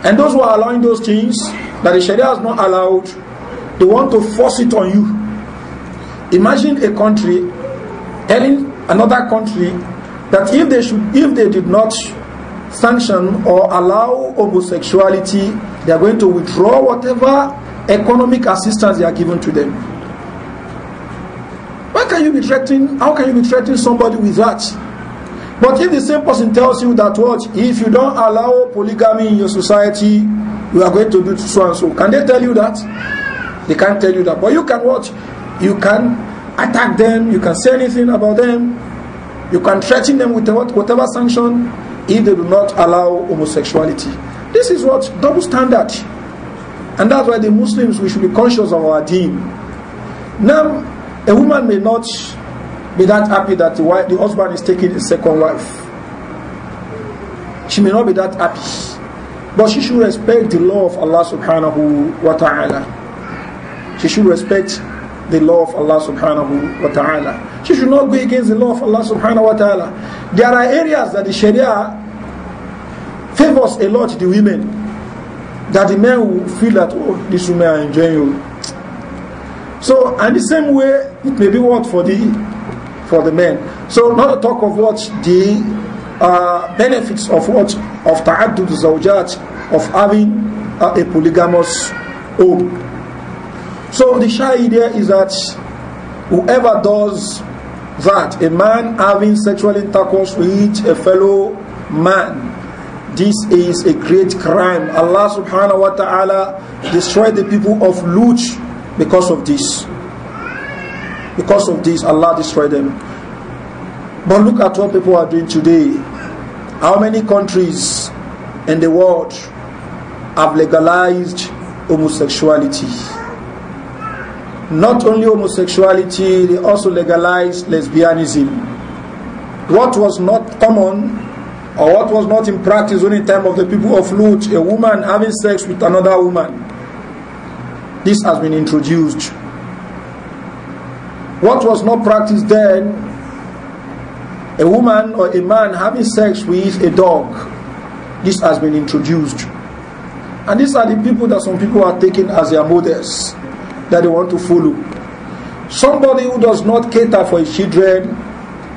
And those who are allowing those things that the Sharia has not allowed, they want to force it on you. Imagine a country telling another country that if they should, if they did not sanction or allow homosexuality, they are going to withdraw whatever economic assistance they are given to them. Why can you be threatening? How can you be threatening somebody with that? But if the same person tells you that what if you don't allow polygamy in your society, you are going to do so and so, can they tell you that? They can't tell you that. But you can what? You can attack them. You can say anything about them. You can threaten them with whatever sanction if they do not allow homosexuality. This is what double standard. And that's why the Muslims, we should be conscious of our deen. Now, a woman may not be that happy that the, wife, the husband is taking his second wife. She may not be that happy. But she should respect the law of Allah subhanahu wa ta'ala. She should respect the law of Allah subhanahu wa ta'ala. She should not go against the law of Allah subhanahu wa ta'ala. There are areas that the Sharia favors a lot the women, that the men will feel that, oh, these women are enjoying you. So, and the same way, it may be what for the for the men. So, not to talk of what the uh, benefits of what of ta'addud zawjat of having uh, a polygamous home. So, the shy idea is that whoever does that a man having sexual intercourse with a fellow man this is a great crime allah subhanahu wa ta'ala destroyed the people of luch because of this because of this allah destroyed them but look at what people are doing today how many countries in the world have legalized homosexuality Not only homosexuality, they also legalized lesbianism. What was not common or what was not in practice during the time of the people of Lut, a woman having sex with another woman, this has been introduced. What was not practiced then, a woman or a man having sex with a dog, this has been introduced. And these are the people that some people are taking as their models that they want to follow. Somebody who does not cater for his children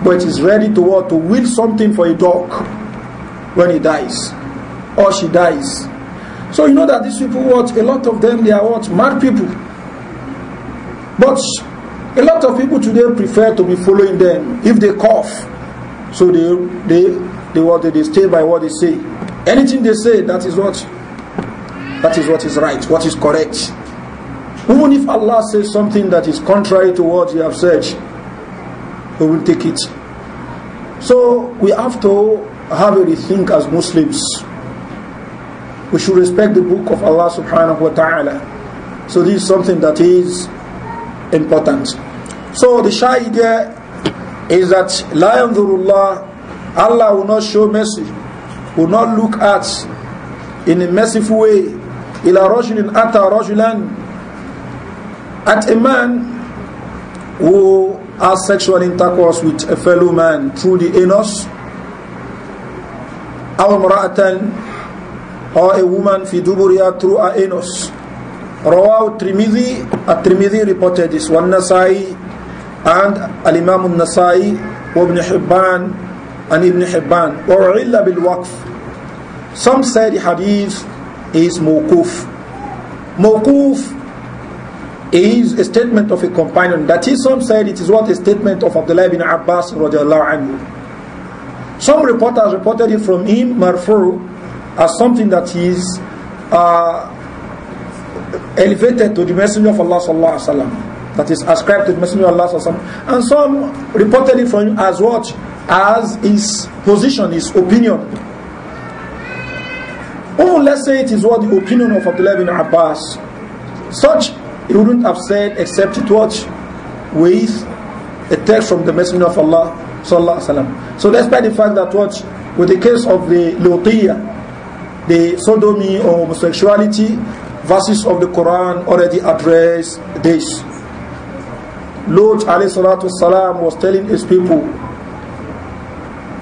but is ready to what? To will something for a dog when he dies or she dies. So you know that these people what? A lot of them they are what? Mad people. But a lot of people today prefer to be following them if they cough. So they they they what they, they stay by what they say. Anything they say, that is what that is what is right, what is correct. Even if Allah says something that is contrary to what you have said, we will take it. So we have to have a rethink as Muslims. We should respect the book of Allah subhanahu wa ta'ala. So this is something that is important. So the idea is that لا ينظر الله Allah will not show mercy, will not look at in a merciful way. إلى رجل أتى رجلا at a man who has sexual intercourse with a fellow man through the anus, or a woman fiduburiya through a anus. Trimidi, الترمذي trimidi reported this One Nasai and الإمام النسائي Ibn Hibban and Ibn Hibban bil Waqf. Some say the hadith is موقوف موقوف is a statement of a companion. That is, some said it is what a statement of Abdullah ibn Abbas radiallahu anhu. Some reporters reported it from him, Marfu, as something that is uh, elevated to the Messenger of Allah sallallahu alaihi wasallam. That is ascribed to the Messenger of Allah sallallahu alaihi wasallam. And some reported it from him as what? As his position, his opinion. Or let's say it is what the opinion of Abdullah ibn Abbas. Such he wouldn't have said except it was with a text from the Messenger of Allah sallallahu alaihi wasallam. So despite the fact that what with the case of the Lutiyah, the sodomy or homosexuality, verses of the Quran already address this. Lord alayhi salatu salam was telling his people,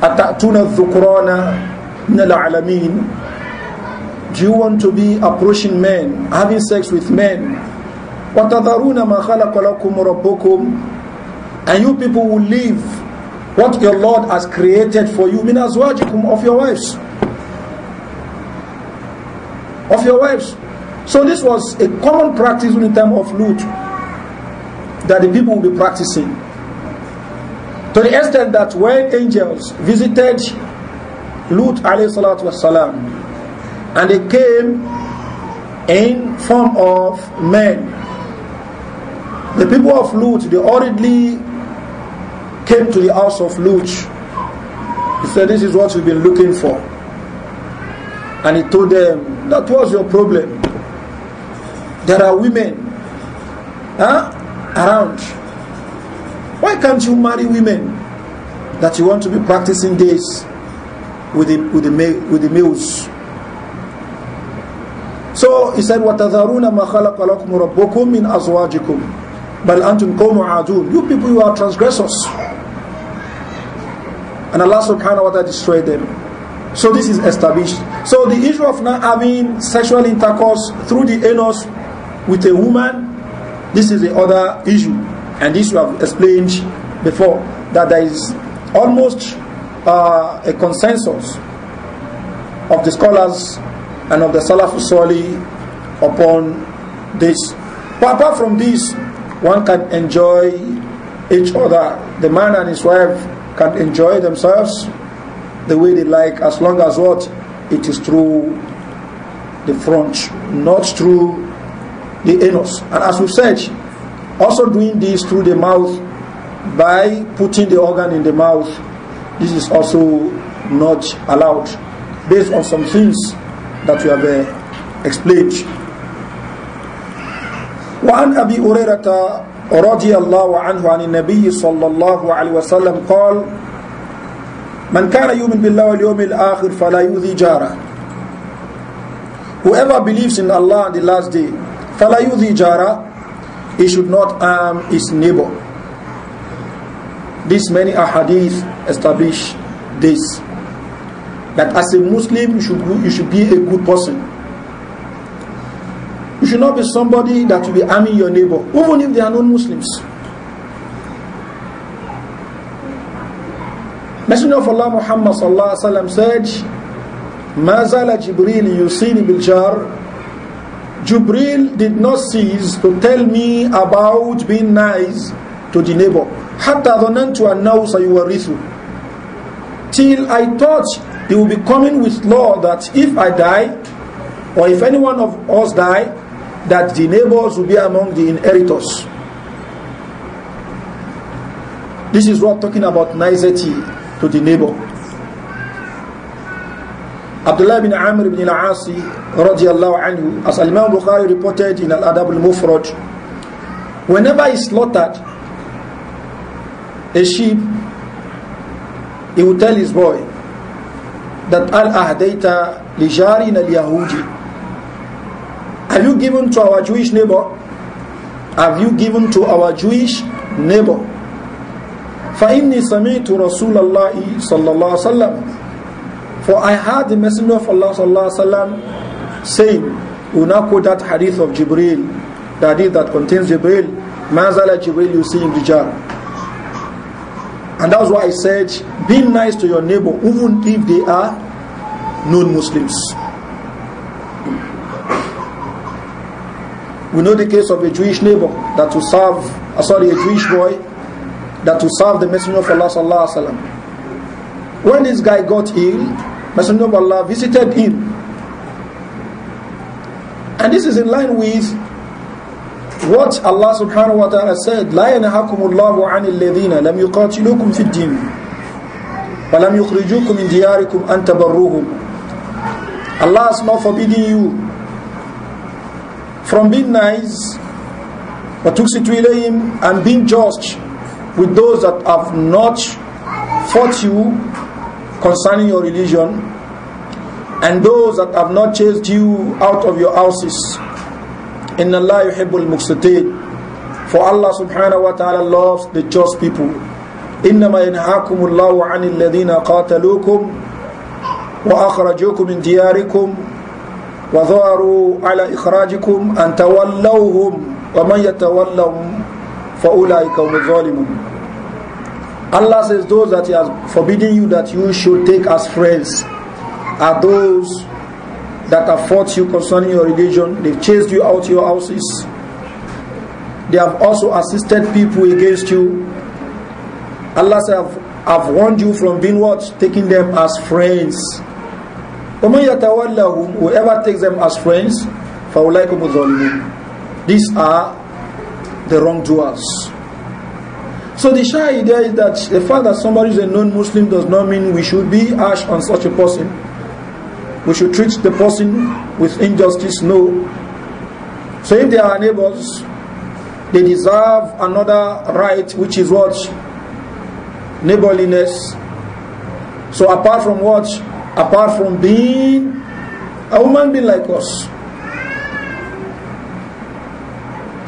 أَتَأْتُونَ الذُّكْرَانَ مِنَ الْعَالَمِينَ Do you want to be approaching men, having sex with men, وَتَذَرُونَ مَا خَلَقَ لَكُمْ رَبُّكُمْ And you people will leave what your Lord has created for you, min azwajikum, of your wives. Of your wives. So this was a common practice in the time of Lut that the people will be practicing. To the extent that when angels visited Lut والسلام, and they came in form of men The people of Lut, they hurriedly came to the house of Lut. He said, This is what you've been looking for. And he told them, That was your problem. There are women huh, around. Why can't you marry women that you want to be practicing this with the, with the, with the males? So he said, وَتَذَرُونَ مَا خَلَقَ لَكُمْ رَبُّكُمْ مِنْ أَزْوَاجِكُمْ Bal antum qawmun You people, you are transgressors. And Allah subhanahu wa ta'ala destroyed them. So this is established. So the issue of not having sexual intercourse through the anus with a woman, this is the other issue. And this we have explained before, that there is almost uh, a consensus of the scholars and of the Salafus Sali upon this. But apart from this, one can enjoy each other. The man and his wife can enjoy themselves the way they like, as long as what it is through the front, not through the anus. And as we said, also doing this through the mouth by putting the organ in the mouth, this is also not allowed based on some things that we have uh, explained. وعن أبي هريرة رضي الله عنه عن النبي صلى الله عليه وسلم قال من كان يؤمن بالله واليوم الآخر فلا يؤذي جاره Whoever believes in Allah on the last day, فلا يؤذي جاره, he should not harm his neighbor. These many ahadith establish this. That as a Muslim, you should, you should be a good person. You should not be somebody that will be harming your neighbor, even if they are non Muslims. Messenger of Allah Muhammad sallallahu alaihi wasallam said, "Ma zala Jibril yusini bil jar." Jibril did not cease to tell me about being nice to the neighbor. Hatta dhanantu annahu sayuwarithu. Till I thought he will be coming with law that if I die, or if any one of us die, that the neighbors will be among the inheritors. This is what talking about nicety to the neighbor. Abdullah bin Amr ibn al-Asi radiallahu anhu, as Imam Bukhari reported in Al-Adab al-Mufraj, whenever he slaughtered a sheep, he would tell his boy that al-ahdayta li jarina al-yahudi Have you given to our Jewish neighbor? Have you given to our Jewish neighbor? فَإِنِّي سَمِعْتُ رَسُولَ اللَّهِ صَلَّى اللَّهُ وسلم. For I heard the Messenger of Allah عليه وسلم saying, we now quote that hadith of Jibril, the hadith that contains Jibril, Mazala Jibril you see in jar." And that's why I said, be nice to your neighbor, even if they are non-Muslims. We know the case of a Jewish neighbor that will serve, uh, sorry, a Jewish boy that will serve the Messenger of Allah sallallahu alaihi wasallam. When this guy got ill, Messenger of Allah visited him, and this is in line with what Allah subhanahu wa taala said: لا ينهاكم الله عن الذين لم يقاتلوكم في الدين ولم يخرجوكم من دياركم أن تبروهم. Allah is not forbidding you from being nice but وتقسط him and being just with those that have not fought you concerning your religion and those that have not chased you out of your houses إن الله يحب المقسطين for Allah subhanahu wa ta'ala loves the just people إنما ينهاكم الله عن الذين قاتلوكم وأخرجوكم من دياركم وظهروا على إخراجكم أن تولوهم ومن يتولهم فأولئك هم الظالمون Allah says those that he has forbidden you that you should take as friends are those that have fought you concerning your religion. They've chased you out your houses. They have also assisted people against you. Allah says, I've, I've warned you from being what? Taking them as friends. وَمَنْ يَتَوَلَّهُمْ Whoever takes them as friends, فَأُولَيْكُمُ الظَّالِمُونَ These are the wrongdoers. So the shy idea is that the fact that somebody is a non-Muslim does not mean we should be harsh on such a person. We should treat the person with injustice, no. So if they are neighbors, they deserve another right, which is what? Neighborliness. So apart from what? apart from being a human being like us.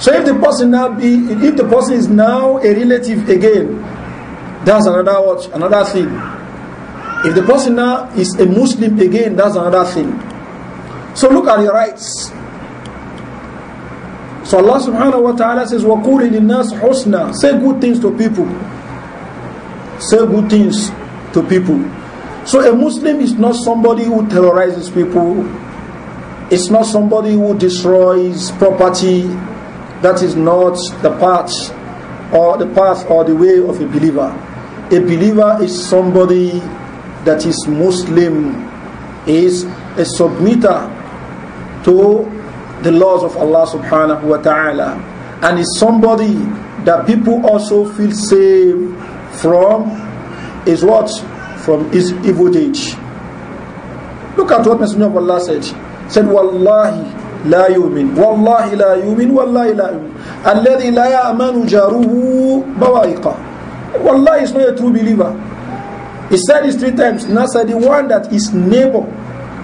So if the person now be if the person is now a relative again, that's another what another thing. If the person now is a Muslim again, that's another thing. So look at the rights. So Allah subhanahu wa ta'ala says, وَقُولِ لِلنَّاسِ husna. Say good things to people. Say good things to people. So a Muslim is not somebody who terrorizes people, it's not somebody who destroys property. That is not the path or the path or the way of a believer. A believer is somebody that is Muslim, is a submitter to the laws of Allah subhanahu wa ta'ala, and is somebody that people also feel safe from is what from his evil deed. Look at what Messenger of Allah said. Said, Wallahi la yumin, Wallahi la yumin, Wallahi la yumin. Alladhi la ya'manu jaruhu bawa'iqa. Wallahi is not a true believer. He said this three times. Now said the one that his neighbor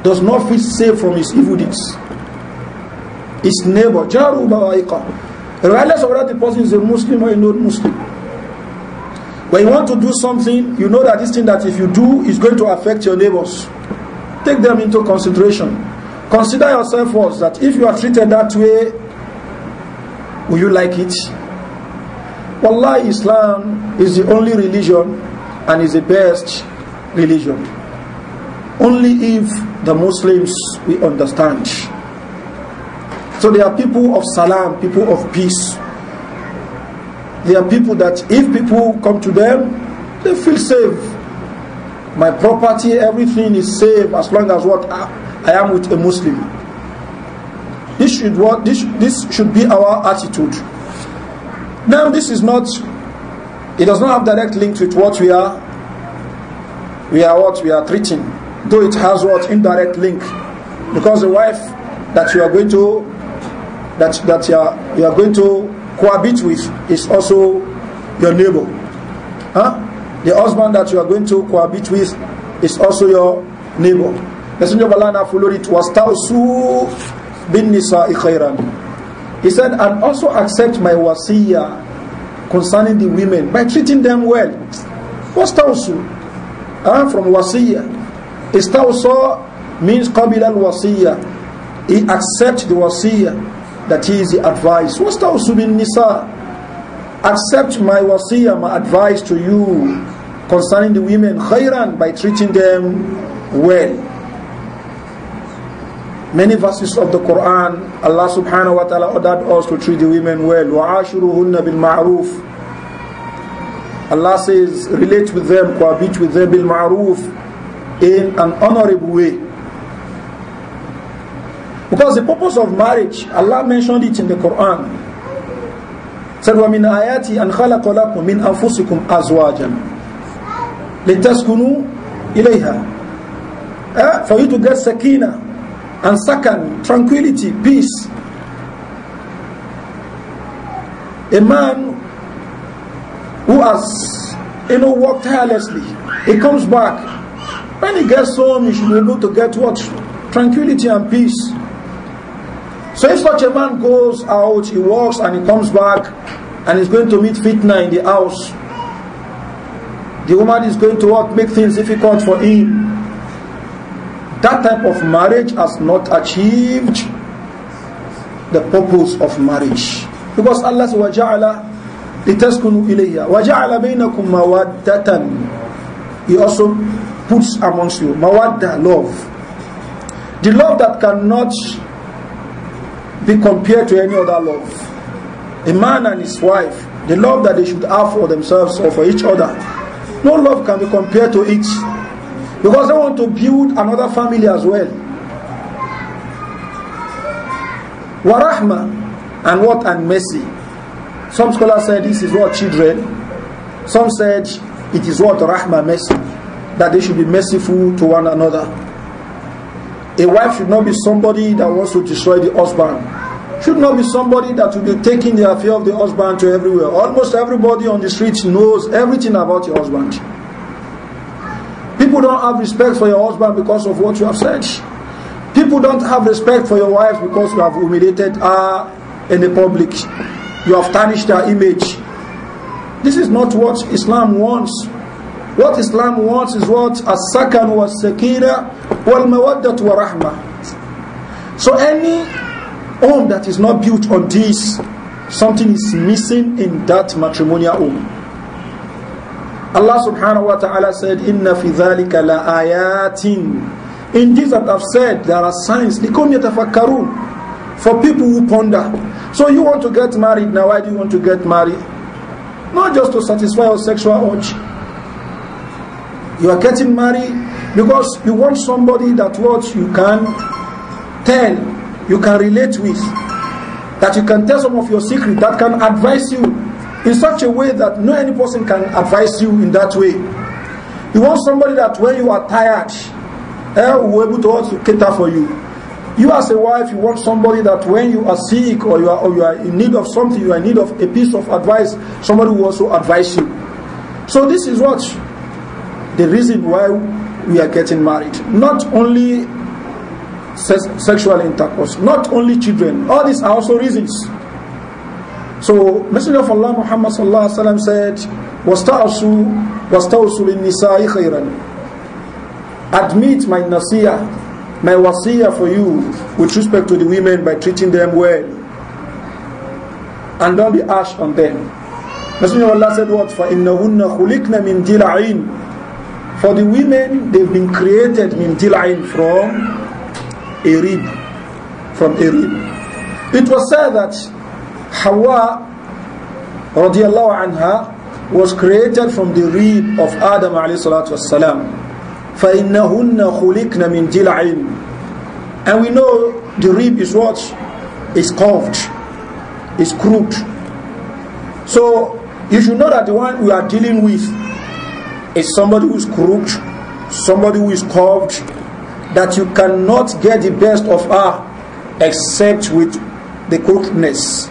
does not feel safe from his evil deeds. His neighbor, jaru bawa'iqa. Regardless of whether the person is a Muslim or a non-Muslim. When you want to do something, you know that this thing that if you do is going to affect your neighbors. Take them into consideration. Consider yourself first that if you are treated that way, will you like it? Wallahi, Islam is the only religion and is the best religion. Only if the Muslims we understand. So they are people of salam, people of peace They are people that if people come to them, they feel safe. My property, everything is safe as long as what I am with a Muslim. This should what this this should be our attitude. Now this is not it does not have direct link with what we are we are what we are treating, though it has what indirect link. Because the wife that you are going to that that you are you are going to cohabit with is also your neighbor. Huh? The husband that you are going to cohabit with is also your neighbor. Messenger of Allah followed it was tausu bin Nisa Ikhairan. He said, and also accept my wasiya concerning the women by treating them well. What's tausu? Huh? From wasiyah. Tausu means qabil al wasiyah. He accepts the wasiya. That is the advice. Wastausu bin nisa. Accept my wasiya, my advice to you concerning the women khairan by treating them well. Many verses of the Quran, Allah subhanahu wa ta'ala ordered us to treat the women well. bil بِالْمَعْرُوفِ Allah says, relate with them, cohabit with them bil ma'ruf in an honorable way. Because the purpose of marriage, Allah mentioned it in the Quran. Said, وَمِنْ آيَاتِ أَنْ خَلَقَ لَكُمْ مِنْ أَنفُسِكُمْ أَزْوَاجًا لِتَسْكُنُوا إِلَيْهَا uh, For you to get sakina and sakan, tranquility, peace. A man who has, you know, worked tirelessly, he comes back. When he gets home, he should be able to get what? Tranquility and peace. So if such a man goes out, he walks and he comes back and he's going to meet fitna in the house, the woman is going to what? Make things difficult for him. That type of marriage has not achieved the purpose of marriage. Because Allah says, وَجَعَلَ لِتَسْكُنُوا إِلَيْهَا وَجَعَلَ بَيْنَكُمْ مَوَدَّةً He also puts amongst you, mawadda, love. The love that cannot be compared to any other love. A man and his wife, the love that they should have for themselves or for each other, no love can be compared to it. Because they want to build another family as well. Warahma and what and mercy. Some scholars said this is what children. Some said it is what rahma mercy. That they should be merciful to one another. A wife should not be somebody that wants to destroy the husband should not be somebody that will be taking the affair of the husband to everywhere. Almost everybody on the street knows everything about your husband. People don't have respect for your husband because of what you have said. People don't have respect for your wives because you have humiliated her in the public. You have tarnished her image. This is not what Islam wants. What Islam wants is what as-sakan was sakira wal mawaddat wa rahmah. So any home that is not built on this, something is missing in that matrimonial home. Allah subhanahu wa ta'ala said, Inna fi dhalika la ayatin. In this that I've said, there are signs. Likum yatafakkarun. For people who ponder. So you want to get married now, why do you want to get married? Not just to satisfy your sexual urge. You are getting married because you want somebody that what you can tell you can relate with, that you can tell some of your secret, that can advise you in such a way that no any person can advise you in that way. You want somebody that when you are tired, eh, will be able to cater for you. You as a wife, you want somebody that when you are sick or you are, or you are in need of something, you are in need of a piece of advice, somebody will also advise you. So this is what the reason why we are getting married. Not only sexual intercourse. Not only children. All these are also reasons. So Messenger of Allah Muhammad sallallahu alaihi wasallam said, "Wasta'asu wasta'usu lin-nisa'i khairan." Admit my nasiya, my wasiya for you with respect to the women by treating them well. And don't be harsh on them. Messenger of Allah said what? For innahunna khuliqna min dila'in. For the women, they've been created min dila'in from a rib, from a rib. It was said that Hawa radiallahu anha was created from the rib of Adam alayhi salatu wasalam. فَإِنَّهُنَّ خُلِقْنَ مِنْ جِلْعٍ And we know the rib is what? Is carved, is crooked. So you should know that the one we are dealing with is somebody who is crooked, somebody who is carved that you cannot get the best of her except with the crookedness,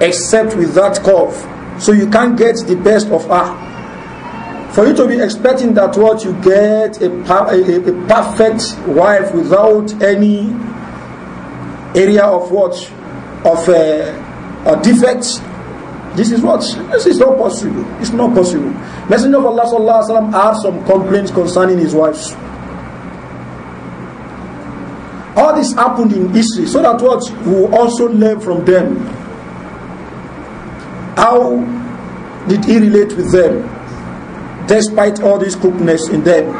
except with that curve. So you can't get the best of her. For you to be expecting that what you get a, a, a perfect wife without any area of what of uh, a defect this is what this is not possible it's not possible messenger of allah sallallahu alaihi wasallam had some complaints concerning his wives all this happened in history so that what we also learn from them. How did he relate with them despite all this crookedness in them?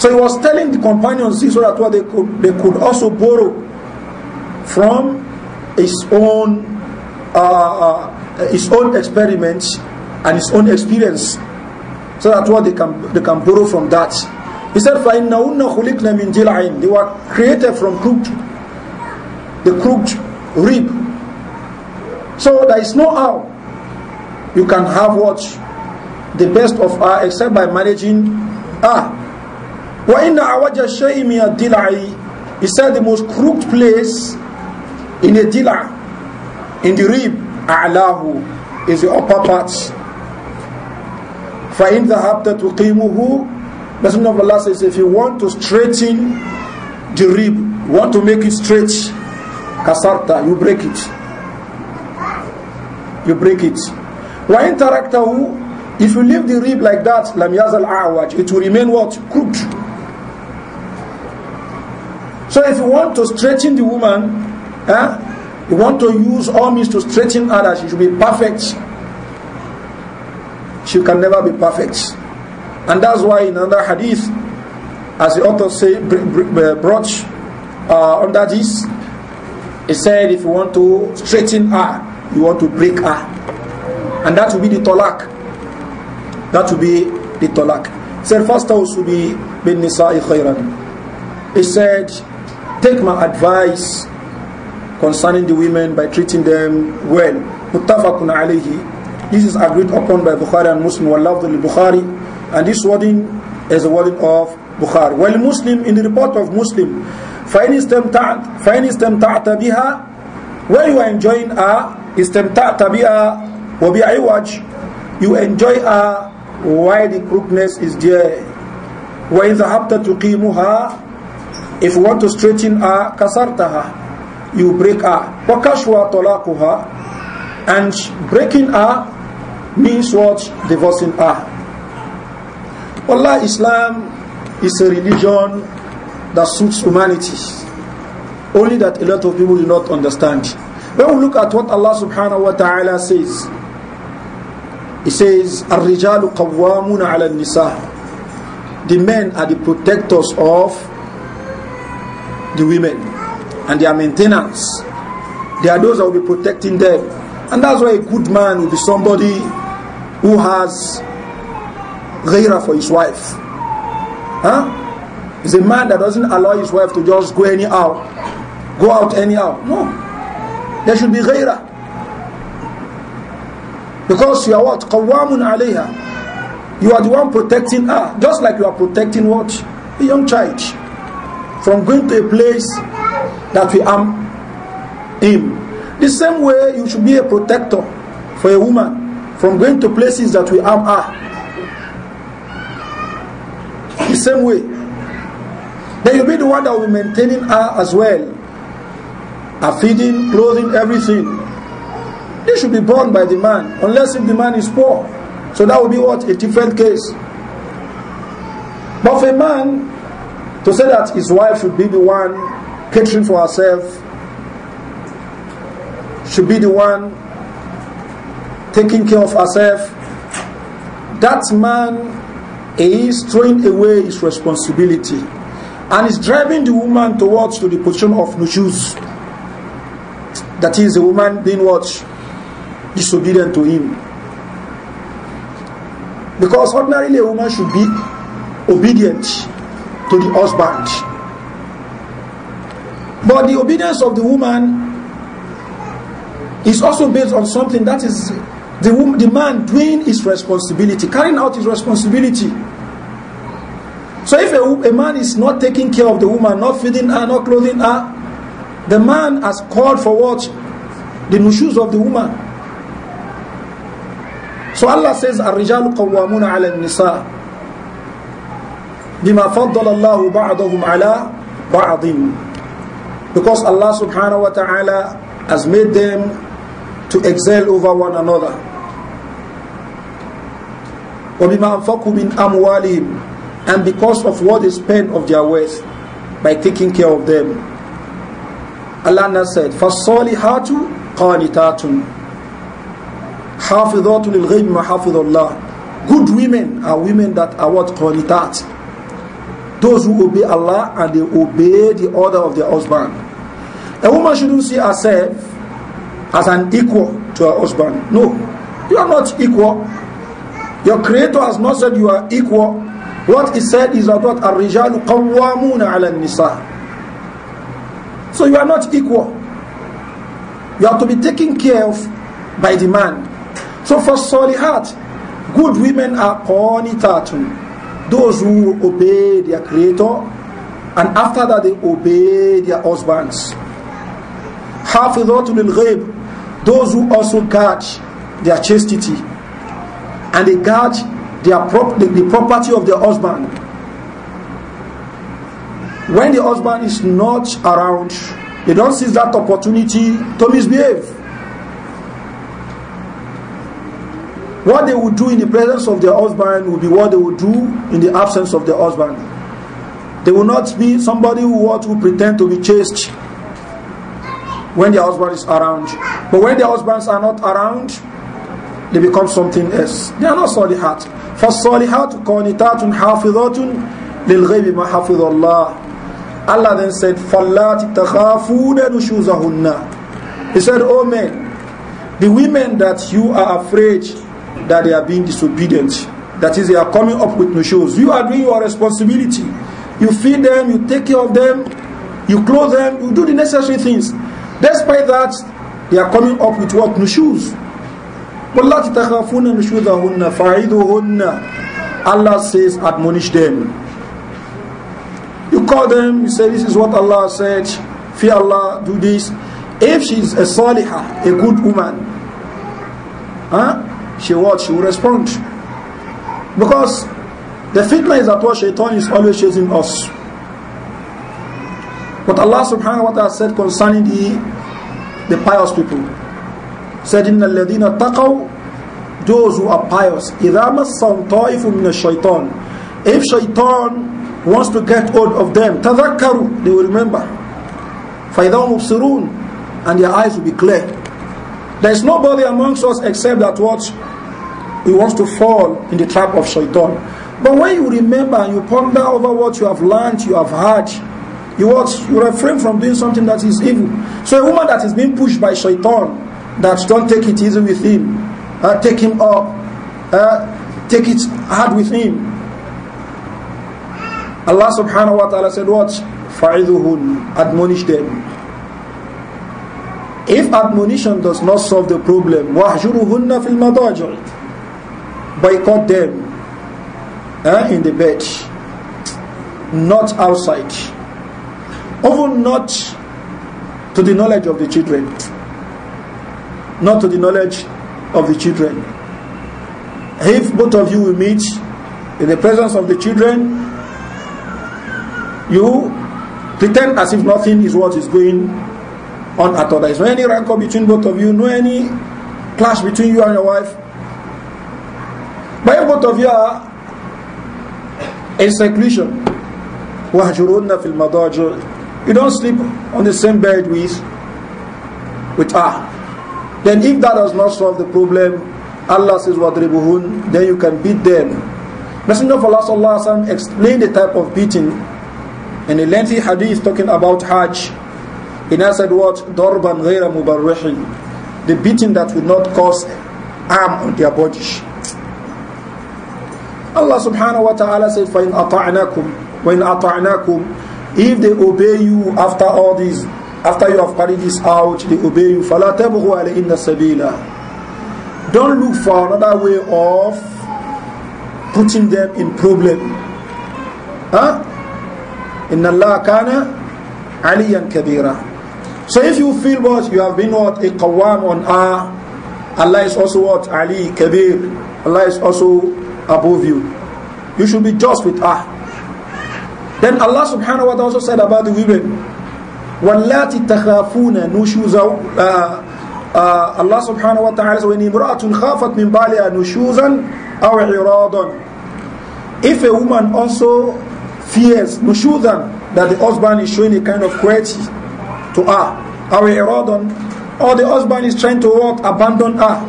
So he was telling the companions this so that what they could they could also borrow from his own uh, uh his own experiments and his own experience so that what they can they can borrow from that. He said, فَإِنَّهُنَّ خُلِقْنَ مِنْ جِلْعَيْنِ They were created from crooked, the crooked rib. So there is no how you can have what? The best of her except by marrying her. وَإِنَّ أَوَجَ الشَّيْءِ مِنَ الدِّلْعِ He said the most crooked place in a dila, in the rib, أَعْلَاهُ is the upper part. فَإِنْ ذَهَبْتَ تُقِيمُهُ Messenger of Allah says, if you want to straighten the rib, want to make it straight, kasarta, you break it. You break it. Why interactahu? If you leave the rib like that, lam yazal awaj, it will remain what? Crooked. So if you want to straighten the woman, eh, you want to use all means to straighten her she should be perfect. She can never be perfect. And that's why in another hadith, as the author say, uh, brought uh, under this, he said if you want to straighten her, you want to break her. And that will be the talak. That will be the talak. said, Fastaus also be bin nisa'i khairan. He said, take my advice concerning the women by treating them well. Muttafaqun alayhi. This is agreed upon by Bukhari and Muslim. Wallahu al-Bukhari. And this wording is the wording of Bukhari. Well, Muslim, in the report of Muslim, فَإِنِ اسْتَمْتَعْتَ بِهَا When you are enjoying her, اسْتَمْتَعْتَ بِهَا وَبِعِوَجْ You enjoy her why the crookedness is there. وَإِنْ ذَهَبْتَ تُقِيمُهَا If you want to straighten her, كَسَرْتَهَا You break her. وَكَشْوَى طَلَاقُهَا And breaking her means what? Divorcing her. Allah, Islam is a religion that suits humanity. Only that a lot of people do not understand. When we look at what Allah subhanahu wa ta'ala says, He says, الرجال قوامون على nisa." The men are the protectors of the women and their maintenance. They are those that will be protecting them. And that's why a good man will be somebody who has ghaira for his wife. Huh? He's a man that doesn't allow his wife to just go anyhow, go out anyhow. No. There should be ghaira. Because you are what? Qawamun alayha. You are the one protecting her, just like you are protecting what? A young child. From going to a place that we harm him. The same way you should be a protector for a woman from going to places that we harm her the same way. Then you'll be the one that will be maintaining her as well. Her feeding, clothing, everything. This should be borne by the man, unless if the man is poor. So that will be what? A different case. But for a man to say that his wife should be the one catering for herself, should be the one taking care of herself, that man he is throwing away his responsibility and is driving the woman towards to the position of no nushuz. That is, the woman being what? Disobedient to him. Because ordinarily a woman should be obedient to the husband. But the obedience of the woman is also based on something that is the, the man doing his responsibility, carrying out his responsibility. So if a, a man is not taking care of the woman, not feeding her, not clothing her, the man has called for what? The nushus of the woman. So Allah says, الرجال قوامون على النساء بما فضل الله بعضهم على بعض Because Allah subhanahu wa ta'ala has made them to excel over one another. وبما أنفقوا من أموالهم and because of what they spend of their wealth by taking care of them. Allah said, فَالصَّالِحَاتُ قَانِتَاتٌ حَافِظَاتُ لِلْغَيْبِ وَحَافِظُ اللَّهِ Good women are women that are what? Qanitat. Those who obey Allah and they obey the order of their husband. A woman shouldn't see herself as an equal to her husband. No, you are not equal. Your creator has not said you are equal What he said is that what الرجال قوامون على nisa So you are not equal. You are to be taken care of by the man. So for Solihat, good women are qanitatun. Those who obey their creator and after that they obey their husbands. Hafidhatul ghaib. Those who also guard their chastity and they guard their prop- the, the property of the husband. When the husband is not around, they don't seize that opportunity to misbehave. What they would do in the presence of their husband will be what they would do in the absence of their husband. They will not be somebody who what who pretend to be chaste when their husband is around. But when their husbands are not around, they become something else. They are not solid heart. فالصالحات قانتات حافظات للغيب ما حفظ الله Allah then said فَاللَّاتِ تَخَافُونَ نُشُوزَهُنَّ He said, O oh men, the women that you are afraid that they are being disobedient, that is, they are coming up with nushuz. You are doing your responsibility. You feed them, you take care of them, you clothe them, you do the necessary things. Despite that, they are coming up with what? Nushuz. But تخافون takhafuna nushudahunna fa'iduhunna. Allah says, admonish them. You call them, you say, this is what Allah said. Fear Allah, do this. If she is a salihah, a good woman, huh? she what? She will respond. Because the fitna is that what shaitan is always chasing us. But Allah subhanahu wa ta'ala said concerning the, the pious people said in alladhina taqaw those who are pious idha massahum ta'ifun min ash-shaytan if shaitan wants to get hold of them tadhakkaru they will remember فَإِذَا مُبْصِرُونَ and their eyes will be clear there is nobody amongst us except that what he wants to fall in the trap of shaitan but when you remember and you ponder over what you have learned you have heard you what you refrain from doing something that is evil so a woman that is being pushed by shaitan that don't take it easy with him, uh, take him up, uh, take it hard with him. Allah subhanahu wa ta'ala said, What? Fa'idhuhun, admonish them. If admonition does not solve the problem, wahjuruhunna fil madaji, boycott them uh, in the bed, not outside, even not to the knowledge of the children. not to the knowledge of the children. If both of you will meet in the presence of the children, you pretend as if nothing is what is going on at all. There is no any rancor between both of you, no any clash between you and your wife. But if both of you are in seclusion, You don't sleep on the same bed with, with her. Then if that does not solve the problem, Allah says, وَضْرِبُهُنْ Then you can beat them. Messenger of Allah sallallahu alayhi wa explained the type of beating in a lengthy hadith talking about Hajj. He now said what? ضَرْبًا غَيْرَ مُبَرِّحٍ The beating that would not cause harm on their body. Allah subhanahu wa ta'ala said, فَإِنْ أَطَعْنَاكُمْ وَإِنْ أَطَعْنَاكُمْ If they obey you after all these After you have carried this out, they obey you. فَلَا تَبْغُوا عَلَيْهِنَّ سَبِيلًا Don't look for another way of putting them in problem. Huh? inna اللَّهَ kana aliyan كَبِيرًا So if you feel what you have been what a qawwam on ah, Allah is also what Ali Kabir. Allah is also above you. You should be just with ah. Then Allah subhanahu wa ta'ala also said about the women واللاتي تخافون نشوزا الله سبحانه وتعالى says, when imra'atun خافت من baliha nushuzan aw iradan if a woman also fears نشوزا that the husband is showing a kind of cruelty to her aw عراضا or the husband is trying to what abandon her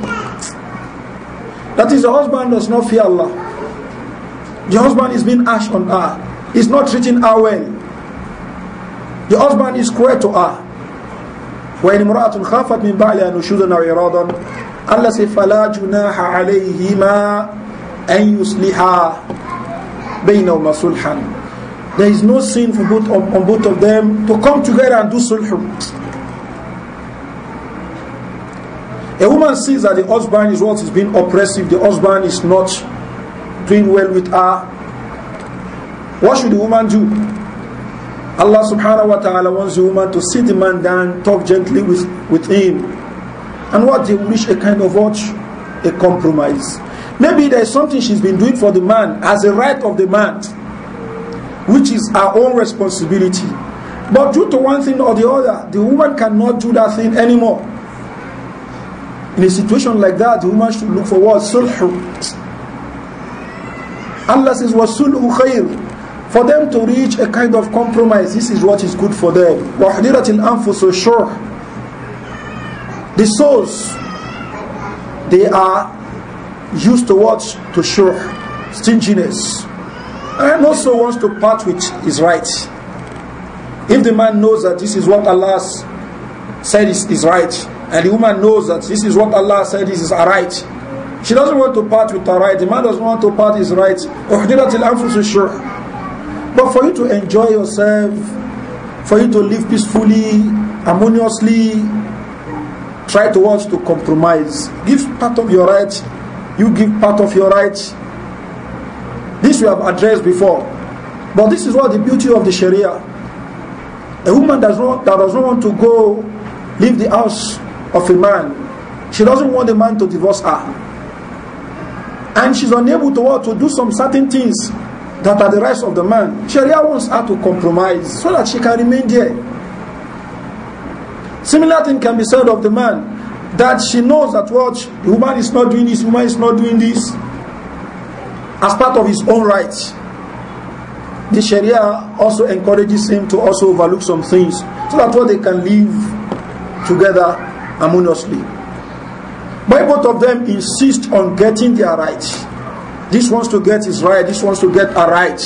that is the husband does not fear Allah the husband is being harsh on her he's not treating her well The husband is cruel to her. وإن امرأة خافت من بعلها نشوزا أو إرادا Allah say فلا جناح عليهما أن يصلحا بينهما صلحا There is no sin for both on, on both of them to come together and do sulh. A woman sees that the husband is what is being oppressive, the husband is not doing well with her. What should the woman do? Allah subhanahu wa ta'ala wants the woman to sit the man down, talk gently with, with him. And what they wish a kind of what? A compromise. Maybe there is something she's been doing for the man as a right of the man, which is our own responsibility. But due to one thing or the other, the woman cannot do that thing anymore. In a situation like that, the woman should look for what? Sulh. Allah says, وَسُلْءُ khair for them to reach a kind of compromise, this is what is good for them. وَحْدِرَةِ الْأَنفُسُ الشُّرْحِ The souls, they are used to what? To shurh, stinginess. And also wants to part with his rights. If the man knows that this is what Allah said is, is right, and the woman knows that this is what Allah said is, is right, she doesn't want to part with her right, the man doesn't want to part his right. وَحْدِرَةِ الْأَنفُسُ الشُّرْحِ But for you to enjoy yourself, for you to live peacefully, harmoniously, try to watch to compromise. Give part of your right, you give part of your right. This we have addressed before. But this is what the beauty of the Sharia. A woman does not, that does not want to go leave the house of a man, she doesn't want the man to divorce her. And she's unable to, what, to do some certain things that are the rights of the man. Sharia wants her to compromise so that she can remain there. Similar thing can be said of the man that she knows that what the woman is not doing this, woman is not doing this as part of his own rights. The Sharia also encourages him to also overlook some things so that what they can live together harmoniously. But both of them insist on getting their rights. This wants to get his right, this wants to get a right.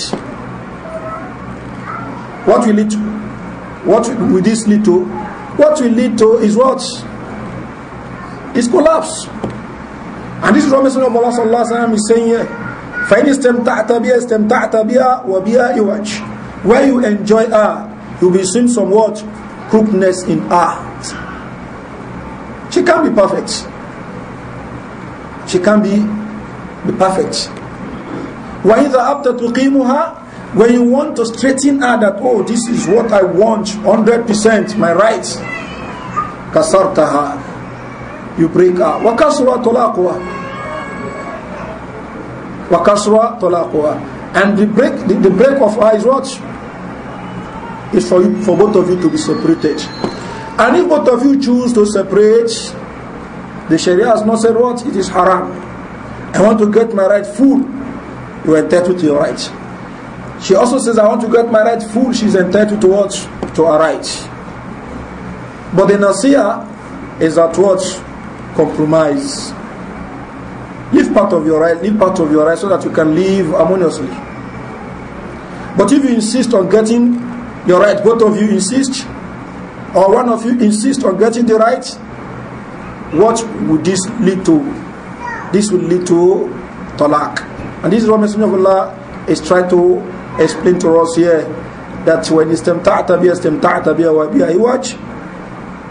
What will it what will this lead to? What will lead to is what? Is collapse. And this is what Messenger of Allah sallallahu alayhi wa sallam is saying here. فَإِنْ اسْتَمْتَعْتَ بِهَا اسْتَمْتَعْتَ wa biya iwaj." Where you enjoy her, you be seeing some what? Crookedness in her. She can't be perfect. She can't be be perfect. When وَإِذَا أَبْتَ تُقِيمُهَا When you want to straighten her that, oh, this is what I want, hundred percent my rights. كَسَرْتَهَا You break her. وَكَسْرَ طَلَاقُهَا وَكَسْرَ طَلَاقُهَا And the break, the, the break of eyes what? Is for, you, for both of you to be separated. And if both of you choose to separate, the Sharia has not said what? It is haram. I want to get my right full. You are entitled to your right. She also says, I want to get my right full. She's entitled to what? To her right. But the nasiya is at what? Compromise. Leave part of your right, leave part of your right so that you can live harmoniously. But if you insist on getting your right, both of you insist, or one of you insist on getting the right, what would this lead to? this will lead to talaq. And this is what Messenger of Allah is trying to explain to us here that when istamta'ta bi istamta'ta bi wa bi watch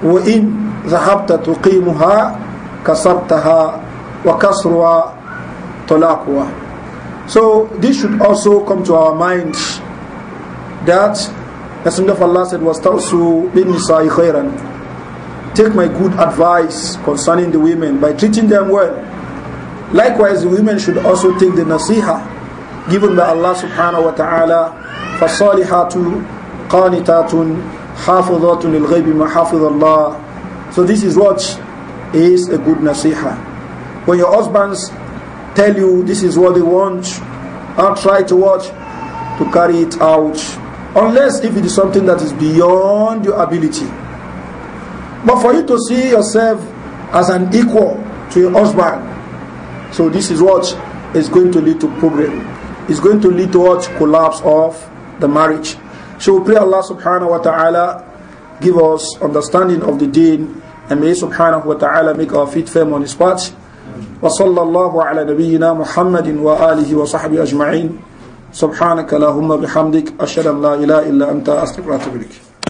wa in dhahabta tuqimuha kasabtaha wa kasruha talaqwa. So this should also come to our mind that Messenger of Allah said was tawsu bin nisa'i khairan. Take my good advice concerning the women by treating them well Likewise, women should also take the nasiha given by Allah subhanahu wa ta'ala فَالصَّالِحَاتُ قَانِتَاتٌ حَافِظَاتٌ لِلْغَيْبِ مَا حَافِظَ اللَّهِ So this is what is a good nasiha. When your husbands tell you this is what they want, and try to watch to carry it out. Unless if it is something that is beyond your ability. But for you to see yourself as an equal to your husband, So this is what is going to lead to problem. It's going to lead towards collapse of the marriage. So we pray Allah subhanahu wa ta'ala give us understanding of the deen and may subhanahu wa ta'ala make our feet firm on his path. وصلى الله على نبينا محمد wa وصحبه أجمعين سبحانك اللهم بحمدك أشهد أن لا إله إلا أنت أستغفرك